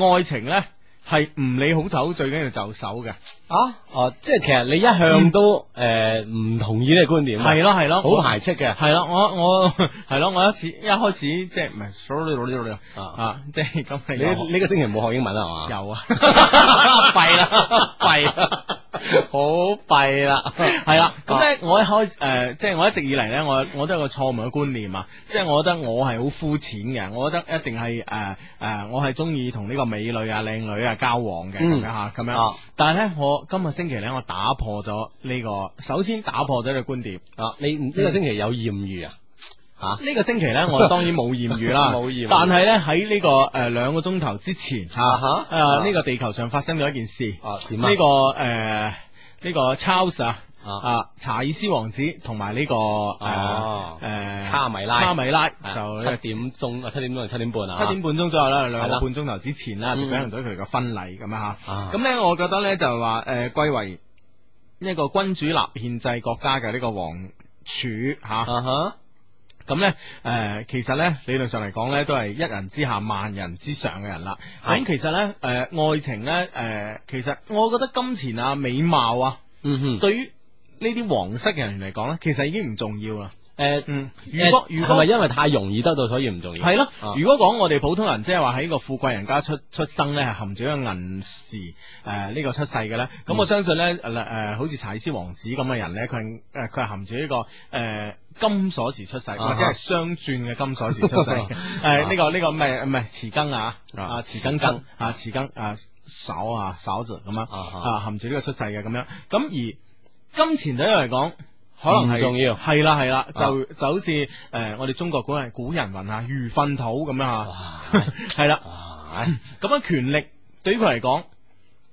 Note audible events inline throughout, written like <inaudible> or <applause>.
愛情咧，係唔理好醜，最緊要就手嘅。啊，哦、啊，即係其實你一向都誒唔、嗯呃、同意呢個觀點。係咯係咯，好排斥嘅。係啦，我我係咯，我一次一開始即係唔係，sorry 呢度，呢度呢，啊，啊，啊即係咁你呢個星期冇學英文啦係嘛？啊有啊，弊 <laughs> 啦，弊。 <laughs> <laughs> 好弊啦，係啦，咁咧我一開誒，即、呃、係、就是、我一直以嚟咧，我我都係個錯誤嘅觀念啊，即、就、係、是、我覺得我係好膚淺嘅，我覺得一定係誒誒，我係中意同呢個美女啊、靚女啊交往嘅咁、嗯、樣吓，咁樣。但係咧，我今個星期咧，我打破咗呢、這個，首先打破咗呢個觀點啊，你呢個星期有艷遇啊？啊！呢個星期咧，我當然冇言語啦，但係咧喺呢個誒兩個鐘頭之前啊，誒呢個地球上發生咗一件事，呢個誒呢個 Charles 啊，啊查爾斯王子同埋呢個哦誒卡米拉，卡米拉就七點鐘啊，七點鐘定七點半啊，七點半鐘左右啦，兩個半鐘頭之前啦，舉行咗佢哋嘅婚禮咁樣吓。咁咧，我覺得咧就係話誒，歸為一個君主立憲制國家嘅呢個王儲吓。咁咧，誒、呃，其實咧，理論上嚟講咧，都係一人之下萬人之上嘅人啦。咁的其實咧，誒、呃，愛情咧，誒、呃，其實我覺得金錢啊、美貌啊，嗯哼，對於呢啲黃色嘅人嚟講咧，其實已經唔重要啦。誒、呃，嗯、呃，如果如果係咪因為太容易得到，所以唔重要？係咯。如果講我哋普通人，即係話喺個富貴人家出出生咧，係含住一個銀匙，誒、呃，呢、這個出世嘅咧，咁我相信咧，嗱、嗯，誒、呃，好似查爾斯王子咁嘅人咧，佢，誒，佢係含住呢個，誒、呃。呃金鎖匙出世，或者係雙鑽嘅金鎖匙出世，誒、uh，呢、huh. 哎這個呢、這個咩？唔係匙羹，uh huh. 羹啊，匙羹羹啊，匙羹啊，勺啊，勺子咁樣啊，uh huh. 含住呢個出世嘅咁樣。咁而金錢對於嚟講，可能係重要，係啦係啦，啦啦 uh huh. 就就好似誒、呃，我哋中國古係古人云啊，如糞土咁樣啊，係、uh huh. <laughs> 啦，咁、uh huh. <laughs> 樣權力對於佢嚟講。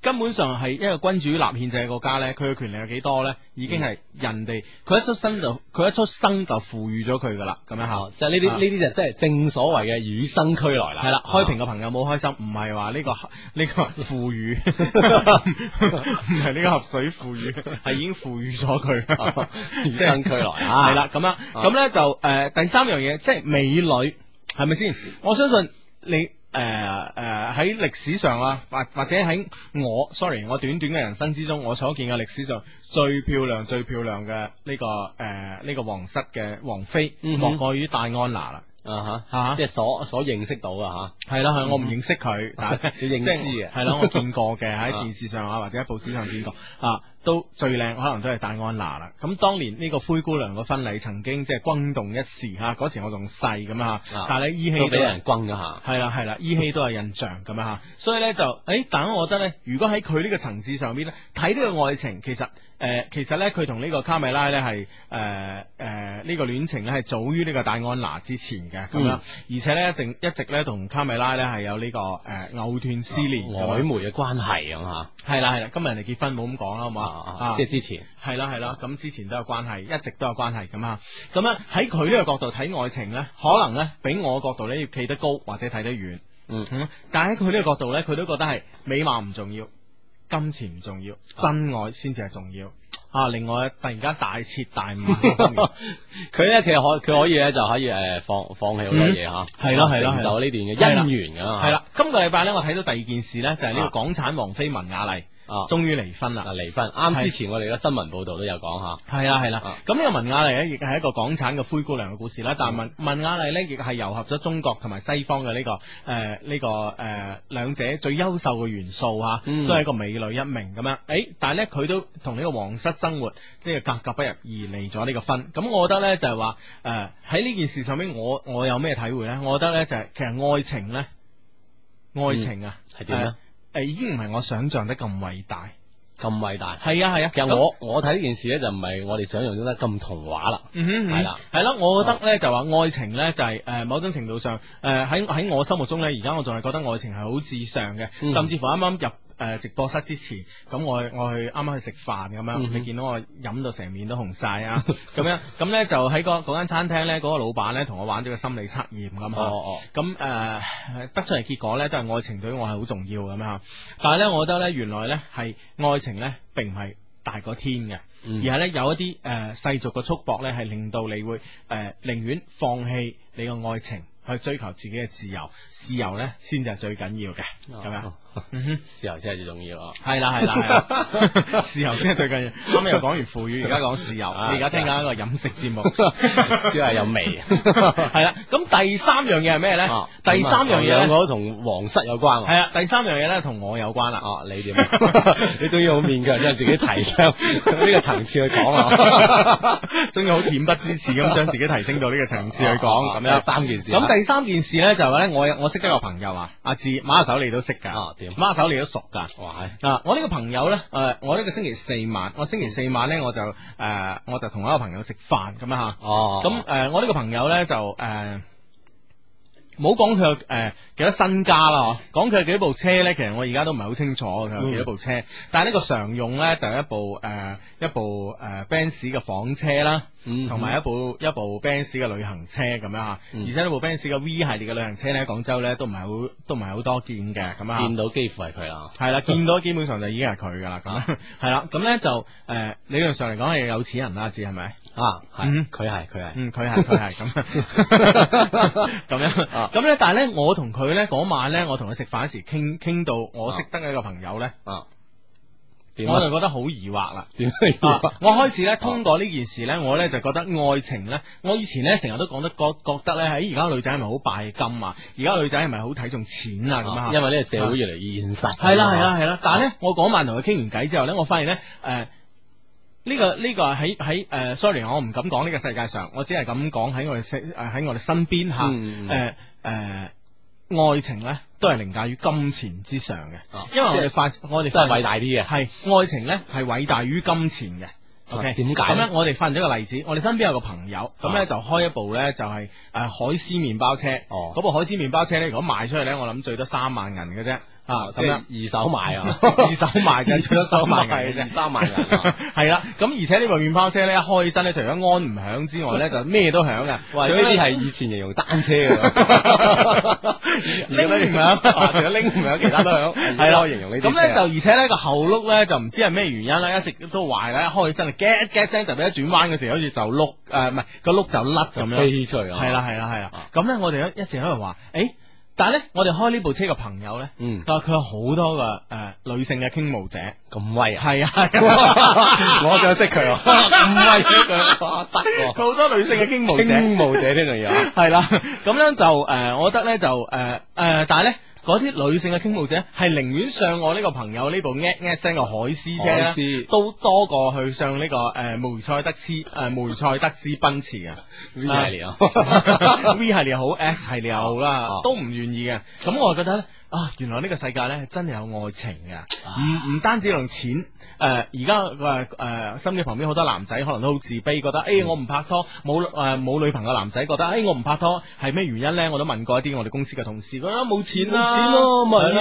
根本上係一個君主立憲制嘅國家咧，佢嘅權力有幾多咧？已經係人哋佢一出生就佢一出生就賦予咗佢噶啦，咁樣吓、uh.，就呢啲呢啲就即係正所謂嘅與生俱來啦。係啦 inder.，開屏嘅朋友冇開心，唔係話呢個呢、呢個賦予，唔係呢個合水賦予，係 <laughs> 已經賦予咗佢，與 <laughs> 生俱來。係啦，咁啊，咁咧、uh. 就誒、uh, 第三樣嘢即係美女，係咪先？我相信你。même 誒誒，喺歷、呃呃、史上啊，或或者喺我，sorry，我短短嘅人生之中，我所見嘅歷史上最漂亮、最漂亮嘅呢、呢個誒呢、呃呢個皇室嘅皇妃，莫過於戴安娜啦、嗯啊。啊哈，吓，即係所所認識到嘅吓。係啦係，我唔認識佢，嗯、但係你認識嘅係啦，我見過嘅喺電視上啊， <laughs> 或者喺報紙上見過啊。都最靚，可能都係戴安娜啦。咁當年呢個灰姑娘個婚禮曾經即係轟動一時吓，嗰時我仲細咁吓，但係咧依稀都俾人轟咗吓。係啦係啦，依稀都係印象咁樣吓。 <laughs> 所以咧就誒、欸，但我覺得咧，如果喺佢呢個層次上面咧，睇呢個愛情，其實誒、呃，其實咧佢同呢個卡米拉咧係誒誒呢、呃呃這個戀情咧係早於呢個戴安娜之前嘅咁、嗯、樣，而且咧一,一直咧同卡米拉咧係有呢、這個誒藕斷絲連曖昧嘅關係咁吓。係啦係啦，今日人哋結婚，冇咁講啦，好嘛？啊，即係之前係啦係啦，咁之前都有關係，一直都有關係咁啊，咁咧喺佢呢個角度睇愛情呢，可能呢，比我角度呢要企得高或者睇得遠，嗯哼，但喺佢呢個角度呢，佢都覺得係美貌唔重要，金錢唔重要，真愛先至係重要啊！另外突然間大徹大悟，佢呢，其實可佢可以呢，就可以誒放放棄好多嘢吓，係啦係啦，承受呢段姻緣噶，係啦，今個禮拜呢，我睇到第二件事呢，就係呢個港產王妃文雅麗。啊，終於離婚啦！離婚啱之前我哋嘅新聞報道都有講吓，係啦係啦。咁呢個文雅麗咧，亦係一個港產嘅灰姑娘嘅故事啦。但係文文雅麗咧，亦係糅合咗中國同埋西方嘅呢、呢個誒呢、呃呢個誒、呃、兩者最優秀嘅元素吓，都係一個美女一名咁樣。誒、哎，但係咧佢都同呢個皇室生活呢、呢個格格不入而離咗呢個婚。咁我覺得咧就係話誒喺呢件事上面我，我我有咩體會咧？我覺得咧就係、是、其實愛情咧，愛情、嗯、啊係點咧？誒，已經唔係我想象得咁偉大，咁偉大，係啊，係啊。啊其實我我睇呢件事咧，就唔係我哋想象中得咁童話啦，的嗯哼，係啦，係啦，我覺得咧就話愛情咧就係、是、誒、呃，某種程度上誒喺喺我心目中咧，而家我仲係覺得愛情係好至上嘅，嗯、哼甚至乎啱啱入。誒，直、呃、播室之前，咁、嗯、我我去啱啱去食飯咁樣，嗯、哼你見到我飲到成面都紅晒啊！咁樣，咁呢就喺嗰間餐廳呢，嗰、嗰個老闆呢，同我玩咗個心理測驗咁。咁誒、哦哦呃，得出嚟結果呢，都係愛情對我係好重要咁樣。但係呢，我覺得呢，原來呢係愛情呢，並唔係大過天嘅，嗯、而係呢，有一啲誒、呃、世俗嘅束縛呢，係令到你會誒寧願放棄你嘅愛情去追求自己嘅自由，自由呢，先至係最緊要嘅，咁樣。豉油先係最重要哦，係啦係啦，豉油先係最緊要。啱啱又講完腐乳，而家講豉油，你而家聽緊一個飲食節目，即係有味。係啦，咁第三樣嘢係咩咧？第三樣嘢我都同皇室有關。係啊，第三樣嘢咧同我有關啦。哦，你點？你終於好勉強，將自己提升呢個層次去講啊！終於好恬不知恥咁，將自己提升到呢個層次去講咁樣。三件事。咁第三件事咧就係話咧，我我識得個朋友啊，阿志馬手你都識噶。媽手你都熟噶，哇啊！我呢個朋友呢，誒、呃，我呢個星期四晚，我星期四晚呢，我就誒、呃，我就同一個朋友食飯咁啊，樣下哦，咁誒、呃，我呢個朋友呢，就誒，冇講佢誒幾多身家啦，講佢有幾多部車呢，其實我而家都唔係好清楚佢有幾多部車，但係呢個常用呢，就係一部誒、呃，一部誒 Benz 嘅房車啦。同埋一部一部奔馳嘅旅行車咁樣吓，而且呢部奔馳嘅 V 系列嘅旅行車咧，廣州咧都唔係好，都唔係好多見嘅，咁啊，見到幾乎係佢啦，係啦了，嗯、見到基本上就已經係佢噶啦，咁係啦，咁咧就誒理論上嚟講係有錢人啦，至係咪啊？係，佢係佢係，嗯，佢係佢係咁，咁、嗯、 <laughs> 樣，咁咧，但係咧，我同佢咧嗰晚咧，我同佢食飯時傾傾到，我識得嘅一個朋友咧。啊啊我就覺得好疑惑啦，點疑惑？我開始咧，通過呢件事咧，我咧就覺得愛情咧，我以前咧成日都講得覺覺得咧，喺而家女仔係咪好拜金啊？而家女仔係咪好睇重錢啊？咁啊，因為呢個社會越嚟越現實。 <laughs> 係啦，係啦，係啦。但係咧，我嗰晚同佢傾完偈之後咧，我發現咧、呢個，誒、呢個，呢、呢個呢個喺喺誒，sorry，我唔敢講呢個世界上，我只係咁講喺我哋身誒喺我哋身邊吓，誒、呃、誒、呃，愛情咧。都係凌駕於金錢之上嘅，哦、因為我哋發，嗯、我哋都係偉大啲嘅，係愛情呢係偉大於金錢嘅。O K，點解呢？Okay, 我哋發現咗個例子，我哋身邊有個朋友，咁呢、哦、就開一部呢就係、是、誒、啊、海獅麵包車，嗰、哦、部海獅麵包車呢，如果賣出去呢，我諗最多三萬銀嘅啫。啊，即係二手賣啊，二手賣緊除咗手賣嘅，二手賣嘅，係啦，咁而且呢部麵包車咧，一開起身咧，除咗安唔響之外咧，就咩都響嘅。喂，呢啲係以前形容單車嘅。拎唔響，除咗拎唔響，其他都響。係啦，形容呢啲。咁咧就而且咧個後轆咧就唔知係咩原因咧，一直都壞啦，一開起身啊，get get 聲就一轉彎嘅時候，好似就碌，誒，唔係個轆就甩咁樣。飛出嚟。係啦係啦係啦。咁咧我哋咧一直喺度話，誒。但係咧，我哋開呢部車嘅朋友咧，嗯，佢話佢有好多嘅誒、呃、女性嘅傾慕者，咁威啊，係啊，啊 <laughs> <laughs> 我就識佢、啊，唔係佢，得好、啊、多女性嘅傾慕者，傾慕者呢樣嘢，係啦、 <laughs> 啊，咁 <laughs> 樣就誒、呃，我覺得咧就誒誒、呃呃，但係咧。嗰啲女性嘅傾慕者係寧願上我呢個朋友呢部 X X 型嘅海獅車海獅都多過去上呢、這個誒、呃、梅賽德斯誒、呃、梅賽德斯奔馳啊。V 系列啊，V 系列好，S 系列好啦， <laughs> 都唔願意嘅。咁我覺得咧。啊！原來呢個世界呢真係有愛情噶、啊，唔唔、啊、單止用錢。誒、呃，而家誒誒，心機旁邊好多男仔可能都好自卑，覺得誒、哎嗯、我唔拍拖，冇誒冇女朋友。男仔覺得誒、哎、我唔拍拖，係咩原因呢？我都問過一啲我哋公司嘅同事，覺得冇錢冇、啊、錢咯、啊，咪、就、咯、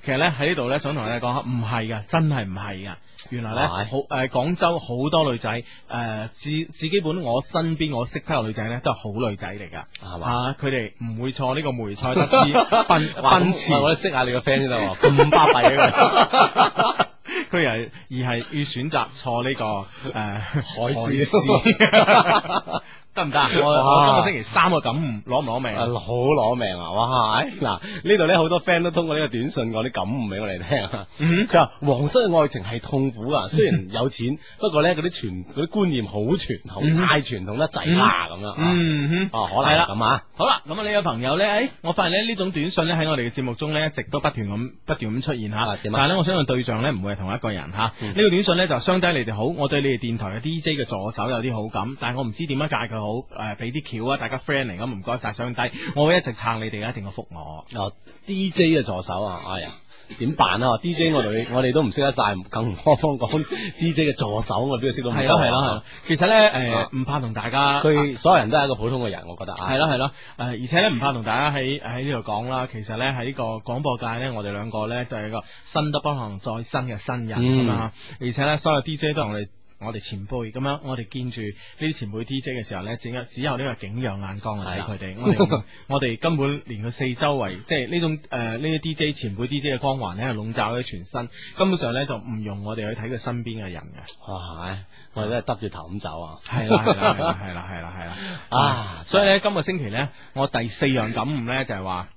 是。其實呢，喺呢度呢，想同你哋講下，唔係噶，真係唔係噶。原來咧好誒，廣州好多女仔誒、呃，自自己本我身邊我識得嘅女仔咧，都係好女仔嚟噶，係嘛吧？佢哋唔會坐呢個梅賽德斯奔奔馳，我，我識下你 <laughs> 個 friend 啫，咁巴閉啊！佢而係而係要選擇坐呢、這個誒海獅。得唔得？我今個星期三個感悟攞唔攞命？好攞命啊！哇！嗱，呢度咧好多 friend 都通過呢個短信講啲感悟俾我哋聽。佢話皇室嘅愛情係痛苦啊，雖然有錢，不過咧，嗰啲傳啲觀念好傳好太傳統得滯啦咁樣。嗯哦，可能係啦，咁啊，好啦，咁啊呢個朋友咧，誒，我發現咧呢種短信咧喺我哋嘅節目中咧一直都不斷咁不斷咁出現吓。但係咧，我相信對象咧唔會係同一一個人吓。呢個短信咧就相雙低你哋好，我對你哋電台嘅 DJ 嘅助手有啲好感，但係我唔知點樣介佢。好誒，俾啲橋啊！大家 friend 嚟咁，唔該晒。上低，我會一直撐你哋嘅，一定要覆我。DJ 嘅助手啊，哎呀，點辦啊 <laughs> ？DJ 我哋我哋都唔識得晒，更何方講 DJ 嘅助手、啊，我邊度識到？係咯係咯，其實咧誒，唔、呃啊、怕同大家，佢所有人都係一個普通嘅人，啊、我覺得係咯係咯。誒、啊啊啊啊，而且咧唔怕同大家喺喺呢度講啦。其實咧喺呢個廣播界咧，我哋兩個咧都係一個新得可能再新嘅新，新人啊、嗯、吧而且咧，所有 DJ 都同我哋。我哋前輩咁樣，我哋見住呢啲前輩 DJ 嘅時候咧，只有只有呢個景仰眼光睇佢哋，是啊、我哋 <laughs> 根本連佢四周圍，即係、呃、呢種誒呢啲 DJ 前輩 DJ 嘅光環咧，係籠罩佢全身。根本上咧就唔用我哋去睇佢身邊嘅人嘅。哇我哋都係耷住頭咁走啊。係啦係啦係啦係啦係啦。啊，啊，啊，所以咧，今個星期咧，我第四樣感悟咧就係、是、話，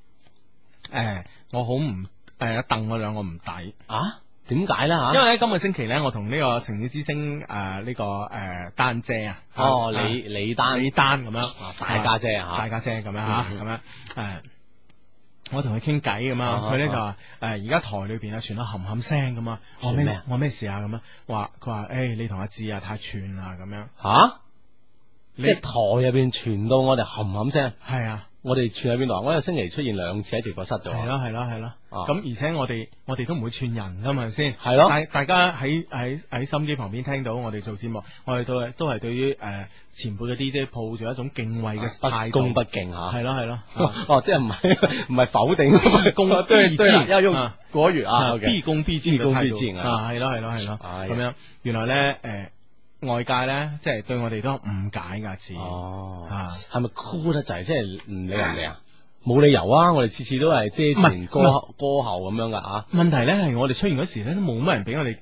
誒、呃，我好唔誒，一凳我兩個唔抵啊。點解咧吓？因為咧今個星期咧，我同呢個城市之星誒，呢個誒丹姐啊，哦李李丹丹咁樣，大家姐啊，大家姐咁樣吓，咁樣誒，我同佢傾偈咁啊，佢咧就話誒，而家台裏邊啊傳到冚冚聲咁啊，我咩？我咩事啊？咁樣，話佢話誒，你同阿志啊太串啦咁樣，吓？即係台入邊傳到我哋冚冚聲，係啊。我哋串喺邊度啊？我一個星期出現兩次喺直播室度。係咯係咯係咯。咁而且我哋我哋都唔會串人噶嘛先，係咯。大大家喺喺喺收機旁邊聽到我哋做節目，我哋都係都係對於誒，前輩嘅 DJ 抱住一種敬畏嘅態度，不恭不敬吓，係咯係咯。哦，即係唔係唔係否定，恭必敬，要用果如啊，必恭必敬，必恭必敬啊，係咯係咯係咯，咁樣原來咧誒。外界咧，即係對我哋都誤解噶，字哦，係咪 cool 得滯？即係唔理人哋啊，冇理由啊！我哋次次都係遮前歌後、嗯嗯、歌後咁樣噶吓，啊、問題咧係我哋出現時咧，都冇乜人俾我哋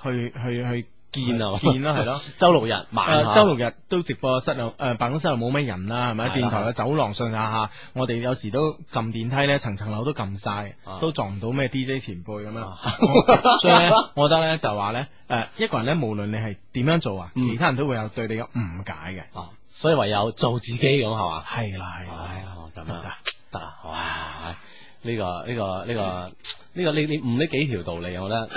去去去。去去見啊， <laughs> 見咯，係咯，周六日晚，周六日都直播室又，誒、呃，辦公室又冇咩人啦，係咪？喺的電台嘅走廊上下下，我哋有時都撳電梯咧，層層樓都撳晒，啊、都撞唔到咩 DJ 前輩咁樣。啊啊、 <laughs> 所以咧，我覺得咧就話咧，誒、呃，一個人咧，無論你係點樣做啊，其他人都會有對你有誤解嘅。哦、嗯啊，所以唯有做自己咁係嘛？係啦，係啦， <laughs> 咁啊得得？哇！呢、這個呢、這個呢、這個呢、這個你你悟呢、這個這個這個、幾條道理，我覺得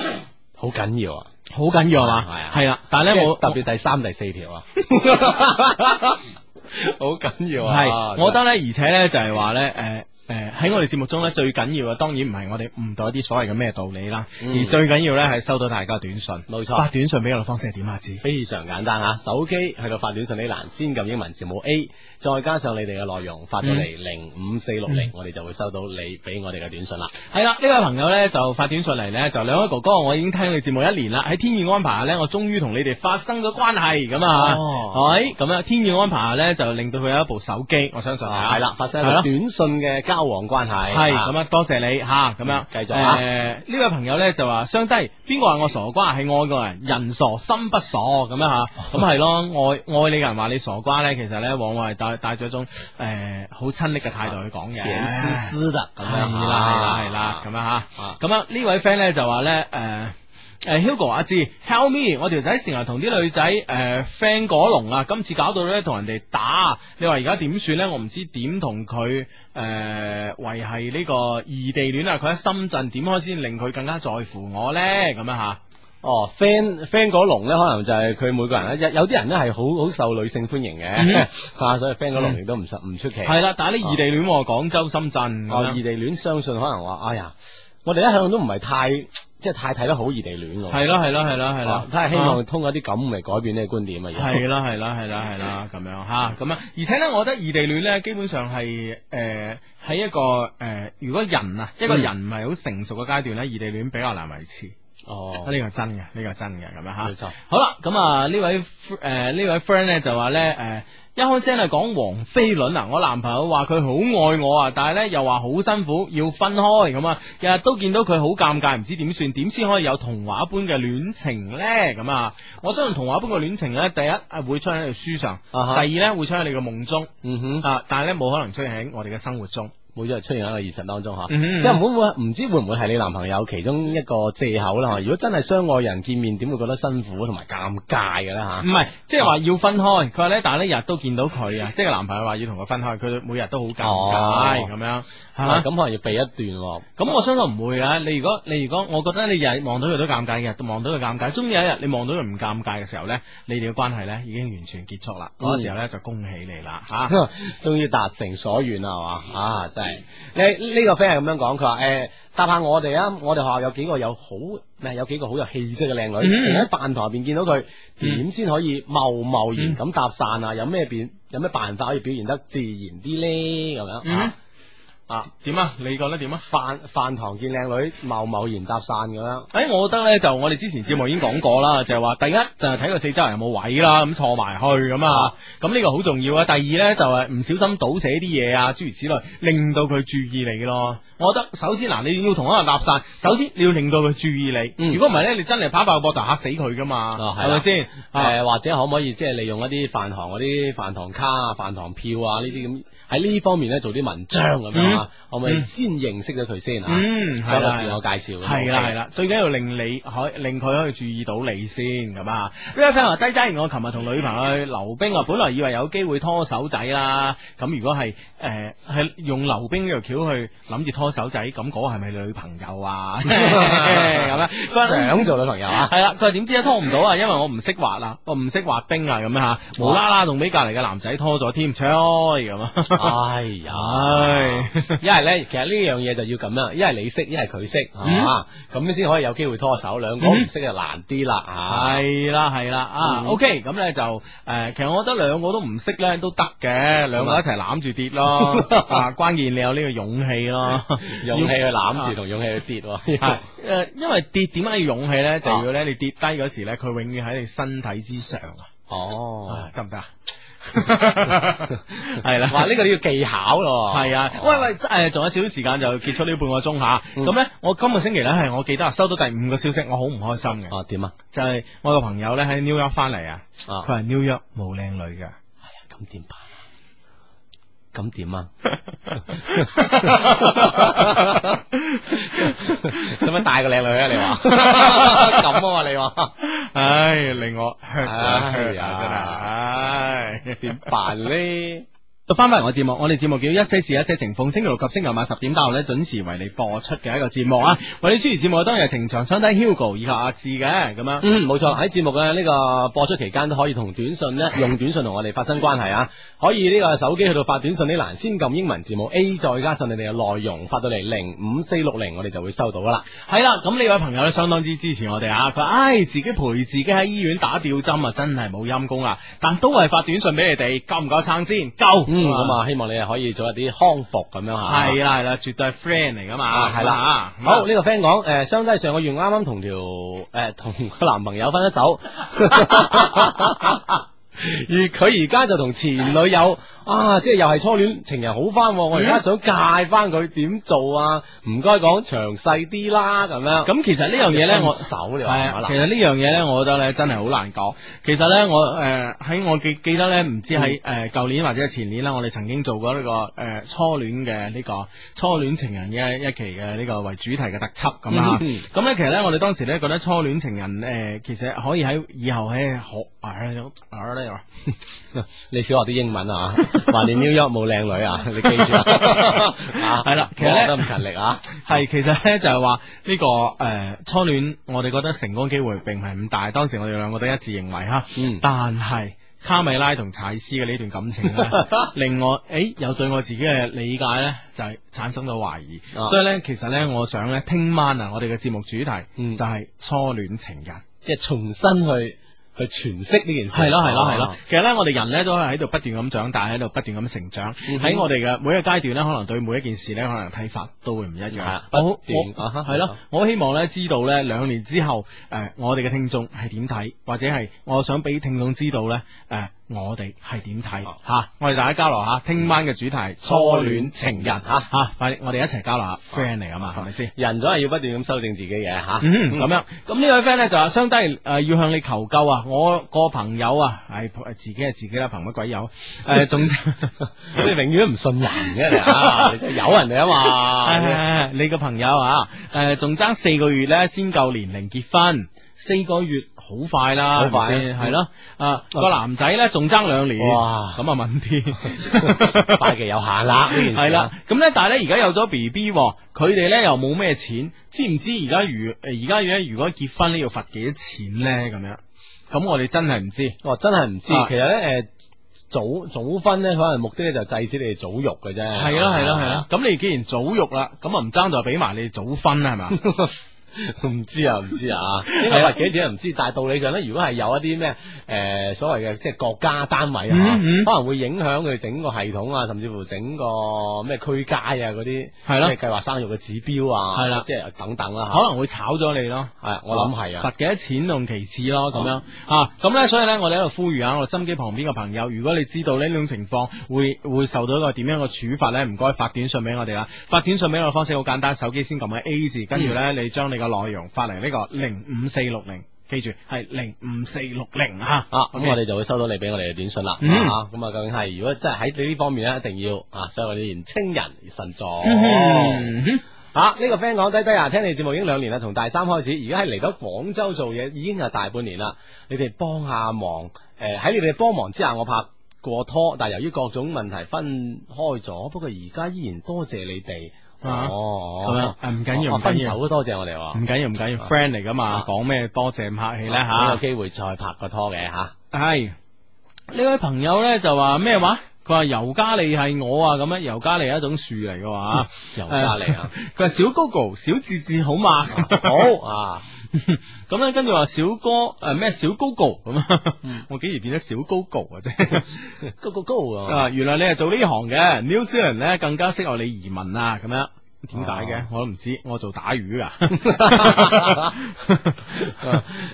好緊要啊！好緊要啊嘛？係啊，係啊，嗯、但係咧我特別第三、嗯、第四條啊， <laughs> <laughs> 好緊要。啊，係是，的我覺得咧，的而且咧就係話咧，誒、呃。誒，喺、呃、我哋節目中呢，最緊要嘅當然唔係我哋悟到一啲所謂嘅咩道理啦，嗯、而最緊要呢，係收到大家短信。冇錯錯，發短信俾我嘅方式係點啊？字非常簡單吓、啊，手機喺度發短信呢欄先撳英文字母 A，再加上你哋嘅內容發到嚟零五四六零，我哋就會收到你俾我哋嘅短信、嗯嗯、啦。係啦，呢位朋友呢，就發短信嚟呢，就兩位哥哥，我已經聽你節目一年啦，喺天意安排下呢，我終於同你哋發生咗關係咁啊！哦，係咁樣，天意安排下呢，就令到佢有一部手機，我相信係、啊、啦，啦，發生啦，短信嘅加。交往關係係咁啊，多謝你吓，咁樣繼續。誒，呢位朋友咧就話相低，邊個話我傻瓜？係愛個人，人，人傻心不傻咁樣吓，咁係咯，愛愛你嘅人話你傻瓜咧，其實咧往往係帶帶咗一種誒好親昵嘅態度去講嘅，黐絲絲的咁樣吓，係啦係啦咁樣吓，咁樣呢位 friend 咧就話咧誒。誒、uh,，Hugo 阿志，Help me！我條仔成日同啲女仔誒 friend 果龍啊，今次搞到咧同人哋打，你話而家點算咧？我唔知點同佢誒維繫呢個異地戀啊！佢喺深圳，點開先令佢更加在乎我咧？咁樣吓？哦，friend friend 果龍咧，可能就係佢每個人咧，有有啲人咧係好好受女性歡迎嘅，啊，所以 friend 果龍亦都唔實唔出奇。係啦，但係呢異地戀，我廣州深圳哦，異地戀，相信可能話哎呀，我哋一向都唔係太。即係太睇得好異地戀㗎，係咯，係咯，係咯，係咯，都係希望通過啲感悟嚟改變呢個觀點啊。係啦，係啦，係啦，係啦，咁樣吓咁樣。而且咧，我覺得異地戀咧，基本上係誒喺一個誒，如果人啊，一個人唔係好成熟嘅階段咧，異地戀比較難維持。哦，呢個係真嘅，呢個係真嘅，咁樣吓。冇錯。好啦，咁啊呢位誒呢位 friend 咧就話咧誒。一開聲係講黃飛倫啊！我男朋友話佢好愛我啊，但係咧又話好辛苦要分開咁啊！日日都見到佢好尷尬，唔知點算？點先可以有童話般嘅戀情呢？咁啊，我相信童話般嘅戀情咧，第一係會出現喺書上，第二咧會出喺你嘅夢中，嗯哼、uh，啊、huh.，但係咧冇可能出現喺我哋嘅生活中。會咗出現喺個現實當中吓，嗯嗯，即係唔會，唔知會唔會係你男朋友其中一個借口啦？如果真係相愛人見面，點會覺得辛苦同埋尷尬嘅咧吓？唔係是，啊、即係話要分開，佢話咧，但係呢日都見到佢啊，即係男朋友話要同佢分開，佢每日都好尷尬，咁、哦、樣係咁、嗯嗯、可能要避一段咯。咁、嗯、我相信唔會啊。你如果你如果我覺得你日日望到佢都尷尬嘅，望到佢尷尬，終於有一日你望到佢唔尷尬嘅時候咧，你哋嘅關係咧已經完全結束啦。嗰個、嗯、時候咧就恭喜你啦，吓，終於達成所願啦，係嘛？啊， <laughs> 嗯、你呢、這個 friend 係咁樣講，佢話誒，搭、欸、下我哋啊，我哋學校有幾個有好唔有幾個好有氣質嘅靚女，喺飯台邊見到佢，點先可以貿貿然咁搭訕啊？有咩變？有咩辦法可以表現得自然啲咧？咁樣啊？嗯嗯嗯嗯啊，點啊？你覺得點啊？飯飯堂見靚女，貿貿然搭訕嘅咧？誒、欸，我覺得呢，就我哋之前節目已經講過啦，就係、是、話第一就係睇個四周人有冇位啦，咁坐埋去咁啊，咁呢、啊、個好重要啊。第二呢，就係、是、唔小心倒瀉啲嘢啊，諸如此類，令到佢注意你咯。我覺得首先嗱、啊，你要同一個人搭訕，首先你要令到佢注意你。如果唔係呢，你真係跑爆個膊頭嚇死佢噶嘛，係咪先？或者可唔可以即係利用一啲飯堂嗰啲飯堂卡、飯堂票啊呢啲咁？喺呢方面咧做啲文章咁啊，嗯、可唔可以先認識咗佢先、啊？嗯，係啦，自我介紹，係啦，係啦，最緊要令你可令佢可以注意到你先，咁啊？呢位 friend 我琴日同女朋友去溜冰啊，本來以為有機會拖手仔啦，咁如果係誒係用溜冰呢條橋去諗住拖手仔，咁嗰個係咪女朋友啊？咁樣 <laughs> <laughs> 想做女朋友啊？係啦，佢話點知啊，拖唔到啊，因為我唔識滑啊，我唔識滑冰啊，咁樣嚇，無啦啦仲俾隔離嘅男仔拖咗添，扯開咁啊！哎呀，因為咧，其實呢樣嘢就要咁樣，一係你識，一係佢識，咁你先可以有機會拖手。兩個唔識就難啲啦，係啦係啦。啊，OK，咁咧就誒，其實我覺得兩個都唔識咧都得嘅，兩個一齊攬住跌咯。關鍵你有呢個勇氣咯，勇氣去攬住同勇氣去跌。誒，因為跌點解要勇氣咧？就要咧，你跌低嗰時咧，佢永遠喺你身體之上啊。哦，得唔得？係啦， <laughs> 了哇！呢 <laughs> 個要技巧咯。係 <laughs> 啊，喂喂，誒，仲有少少時間就結束呢半個鐘吓。咁咧、嗯，我今個星期咧係我記得收到第五個消息，我好唔開心嘅。哦，點啊？啊就係我個朋友咧喺 New York 翻嚟啊，佢話 New York 冇靚女嘅。係、哎、啊，咁點辦？咁點啊？使唔使帶個靚女啊？你話咁啊？你話，唉，令我 ful, 唉，真係，唉，點辦咧？翻翻嚟，我節目，我哋節目叫一些事，一些情況，星期六及星期日晚十點打後咧，準時為你播出嘅一個節目啊！為你主持節目當日情呈長上單 Hugo 以及阿志嘅咁樣，嗯，冇錯，喺節目嘅呢個播出期間都可以同短信咧，用短信同我哋發生關係啊！嗯嗯可以呢個手機去到發短信啲欄，先撳英文字母 A，再加上你哋嘅內容發到嚟零五四六零，我哋就會收到噶啦。係啦，咁呢位朋友咧相當之支持我哋啊！佢話：唉、哎，自己陪自己喺醫院打吊針啊，真係冇陰功啊！但都係發短信俾你哋，夠唔夠撐先？夠，咁啊，希望你哋可以做一啲康復咁樣吓、啊。係啦係啦，絕對係 friend 嚟噶嘛。係啦吓，了嗯、好呢、這個 friend 講，誒、呃，相對上個月啱啱同條誒同個男朋友分咗手。 <laughs> <laughs> <laughs> <laughs> 而佢而家就同前女友。啊！即係又係初戀情人好翻，嗯、我而家想戒翻佢點做啊？唔該講詳細啲啦，咁樣。咁其實呢樣嘢呢，我其實呢樣嘢呢，我覺得呢真係好難講。其實呢，我誒喺、呃、我記記得呢，唔知喺誒舊年或者前年啦，我哋曾經做過呢、呢個誒、呃、初戀嘅呢、呢個初戀情人嘅一期嘅呢、呢個為主題嘅特輯咁啦。咁呢、嗯嗯、其實呢，我哋當時呢覺得初戀情人誒、呃、其實可以喺以後喺學呢 <laughs> 你少學啲英文啊！ <laughs> 懷念紐約冇靚女啊，你記住 <laughs> 啊，係啦， <laughs> 其實我都唔勤力啊，係 <laughs> <laughs> 其實咧就係話呢個誒、呃、初戀，我哋覺得成功機會並唔係咁大，當時我哋兩個都一致認為哈，嗯，但係卡米拉同柴斯嘅呢段感情咧， <laughs> 令我誒、欸、又對我自己嘅理解咧就係、是、產生咗懷疑，嗯、所以咧其實咧我想咧聽晚啊我哋嘅節目主題就係初戀情人」嗯，即係重新去。去詮釋呢件事，係咯，係咯，係咯。其實咧，我哋人咧都係喺度不斷咁長大，喺度不斷咁成長。喺、嗯、哼我哋嘅每一個階段咧，可能對每一件事咧，可能睇法都會唔一樣。嗯、不斷係咯，我希望咧知道咧兩年之後，誒、呃，我哋嘅聽眾係點睇，或者係我想俾聽眾知道咧，誒、呃。我哋係點睇吓？我哋大家交流下，聽晚嘅主題初戀情人吓吓，快、啊啊、我哋一齊交流下。friend 嚟啊嘛，係咪先？啊、是是人總係要不斷咁修正自己嘅吓。咁、啊嗯嗯、樣咁呢位 friend 咧就話相低誒、呃，要向你求救啊！我個朋友啊，係、哎、自己係自己啦，憑乜鬼友有？誒、啊，仲你 <laughs> <laughs> 永遠都唔信人嘅、啊，有、啊、人哋啊嘛！ <laughs> <laughs> 啊你個朋友啊，誒，仲爭四個月咧先夠年齡結婚。四個月好快啦，好快，係啦，啊個男仔咧仲爭兩年，咁啊問啲，快棋有限啦，係啦，咁咧但係咧而家有咗 BB，佢哋咧又冇咩錢，知唔知而家如誒而家如果結婚咧要罰幾多錢咧咁樣？咁我哋真係唔知，我真係唔知。其實咧誒早早婚咧可能目的咧就制止你哋早育嘅啫。係啦係啦係啦。咁你既然早育啦，咁唔爭就俾埋你哋早婚啦係嘛？唔 <laughs> 知啊，唔知啊，係話幾多錢啊？唔知，但係道理上咧，如果係有一啲咩誒所謂嘅，即係國家單位啊，可能會影響佢整個系統啊，甚至乎整個咩區街啊嗰啲係咯，計劃的生育嘅指標啊，係啦的，即係等等啦、啊，可能會炒咗你咯，係、啊，我諗係啊，罰幾多錢用其次咯，咁樣啊，咁咧、啊，所以咧，我哋喺度呼籲下我哋心機旁邊嘅朋友，如果你知道呢種情況會會，會受到一個點樣嘅處罰咧，唔該發短信俾我哋啦，發短信俾我哋方式好簡單，手機先撳喺 A 字，跟住咧、嗯、你將你個。內容發嚟呢個零五四六零，記住係零五四六零吓。60，啊，咁、啊、Okay. 我哋就會收到你俾我哋嘅短信啦。咁、mm. 啊，究竟係如果真係喺呢方面咧，一定要啊，所有嘅年輕人，青人慎重。好、mm，呢、hmm. 啊呢個 friend 講低低啊，聽你節目已經兩年啦，從大三開始，而家喺嚟到廣州做嘢已經係大半年啦。你哋幫下忙，誒、呃、喺你哋幫忙之下，我拍過拖，但係由於各種問題分開咗，不過而家依然多謝你哋。哦，咁樣？唔緊要，分手啊，多謝我哋。唔緊要，唔緊要，friend 嚟噶嘛，講咩多謝客氣咧吓，有機會再拍個拖嘅吓。係呢位朋友咧就話咩話？佢話尤加利係我啊，咁啊，尤加利係一種樹嚟嘅話，尤加利啊，佢話小 Google，小智智好嘛？好啊。咁咧， <laughs> 跟住話小哥誒咩小 Google 咁啊？樣嗯、我竟然變咗小 Google 啊啫！Google Go 啊，原來你係做呢行嘅，New Zealand 咧更加適合你移民啊！咁樣點解嘅？啊、我都唔知，我做打魚噶、 <laughs> <laughs> 啊。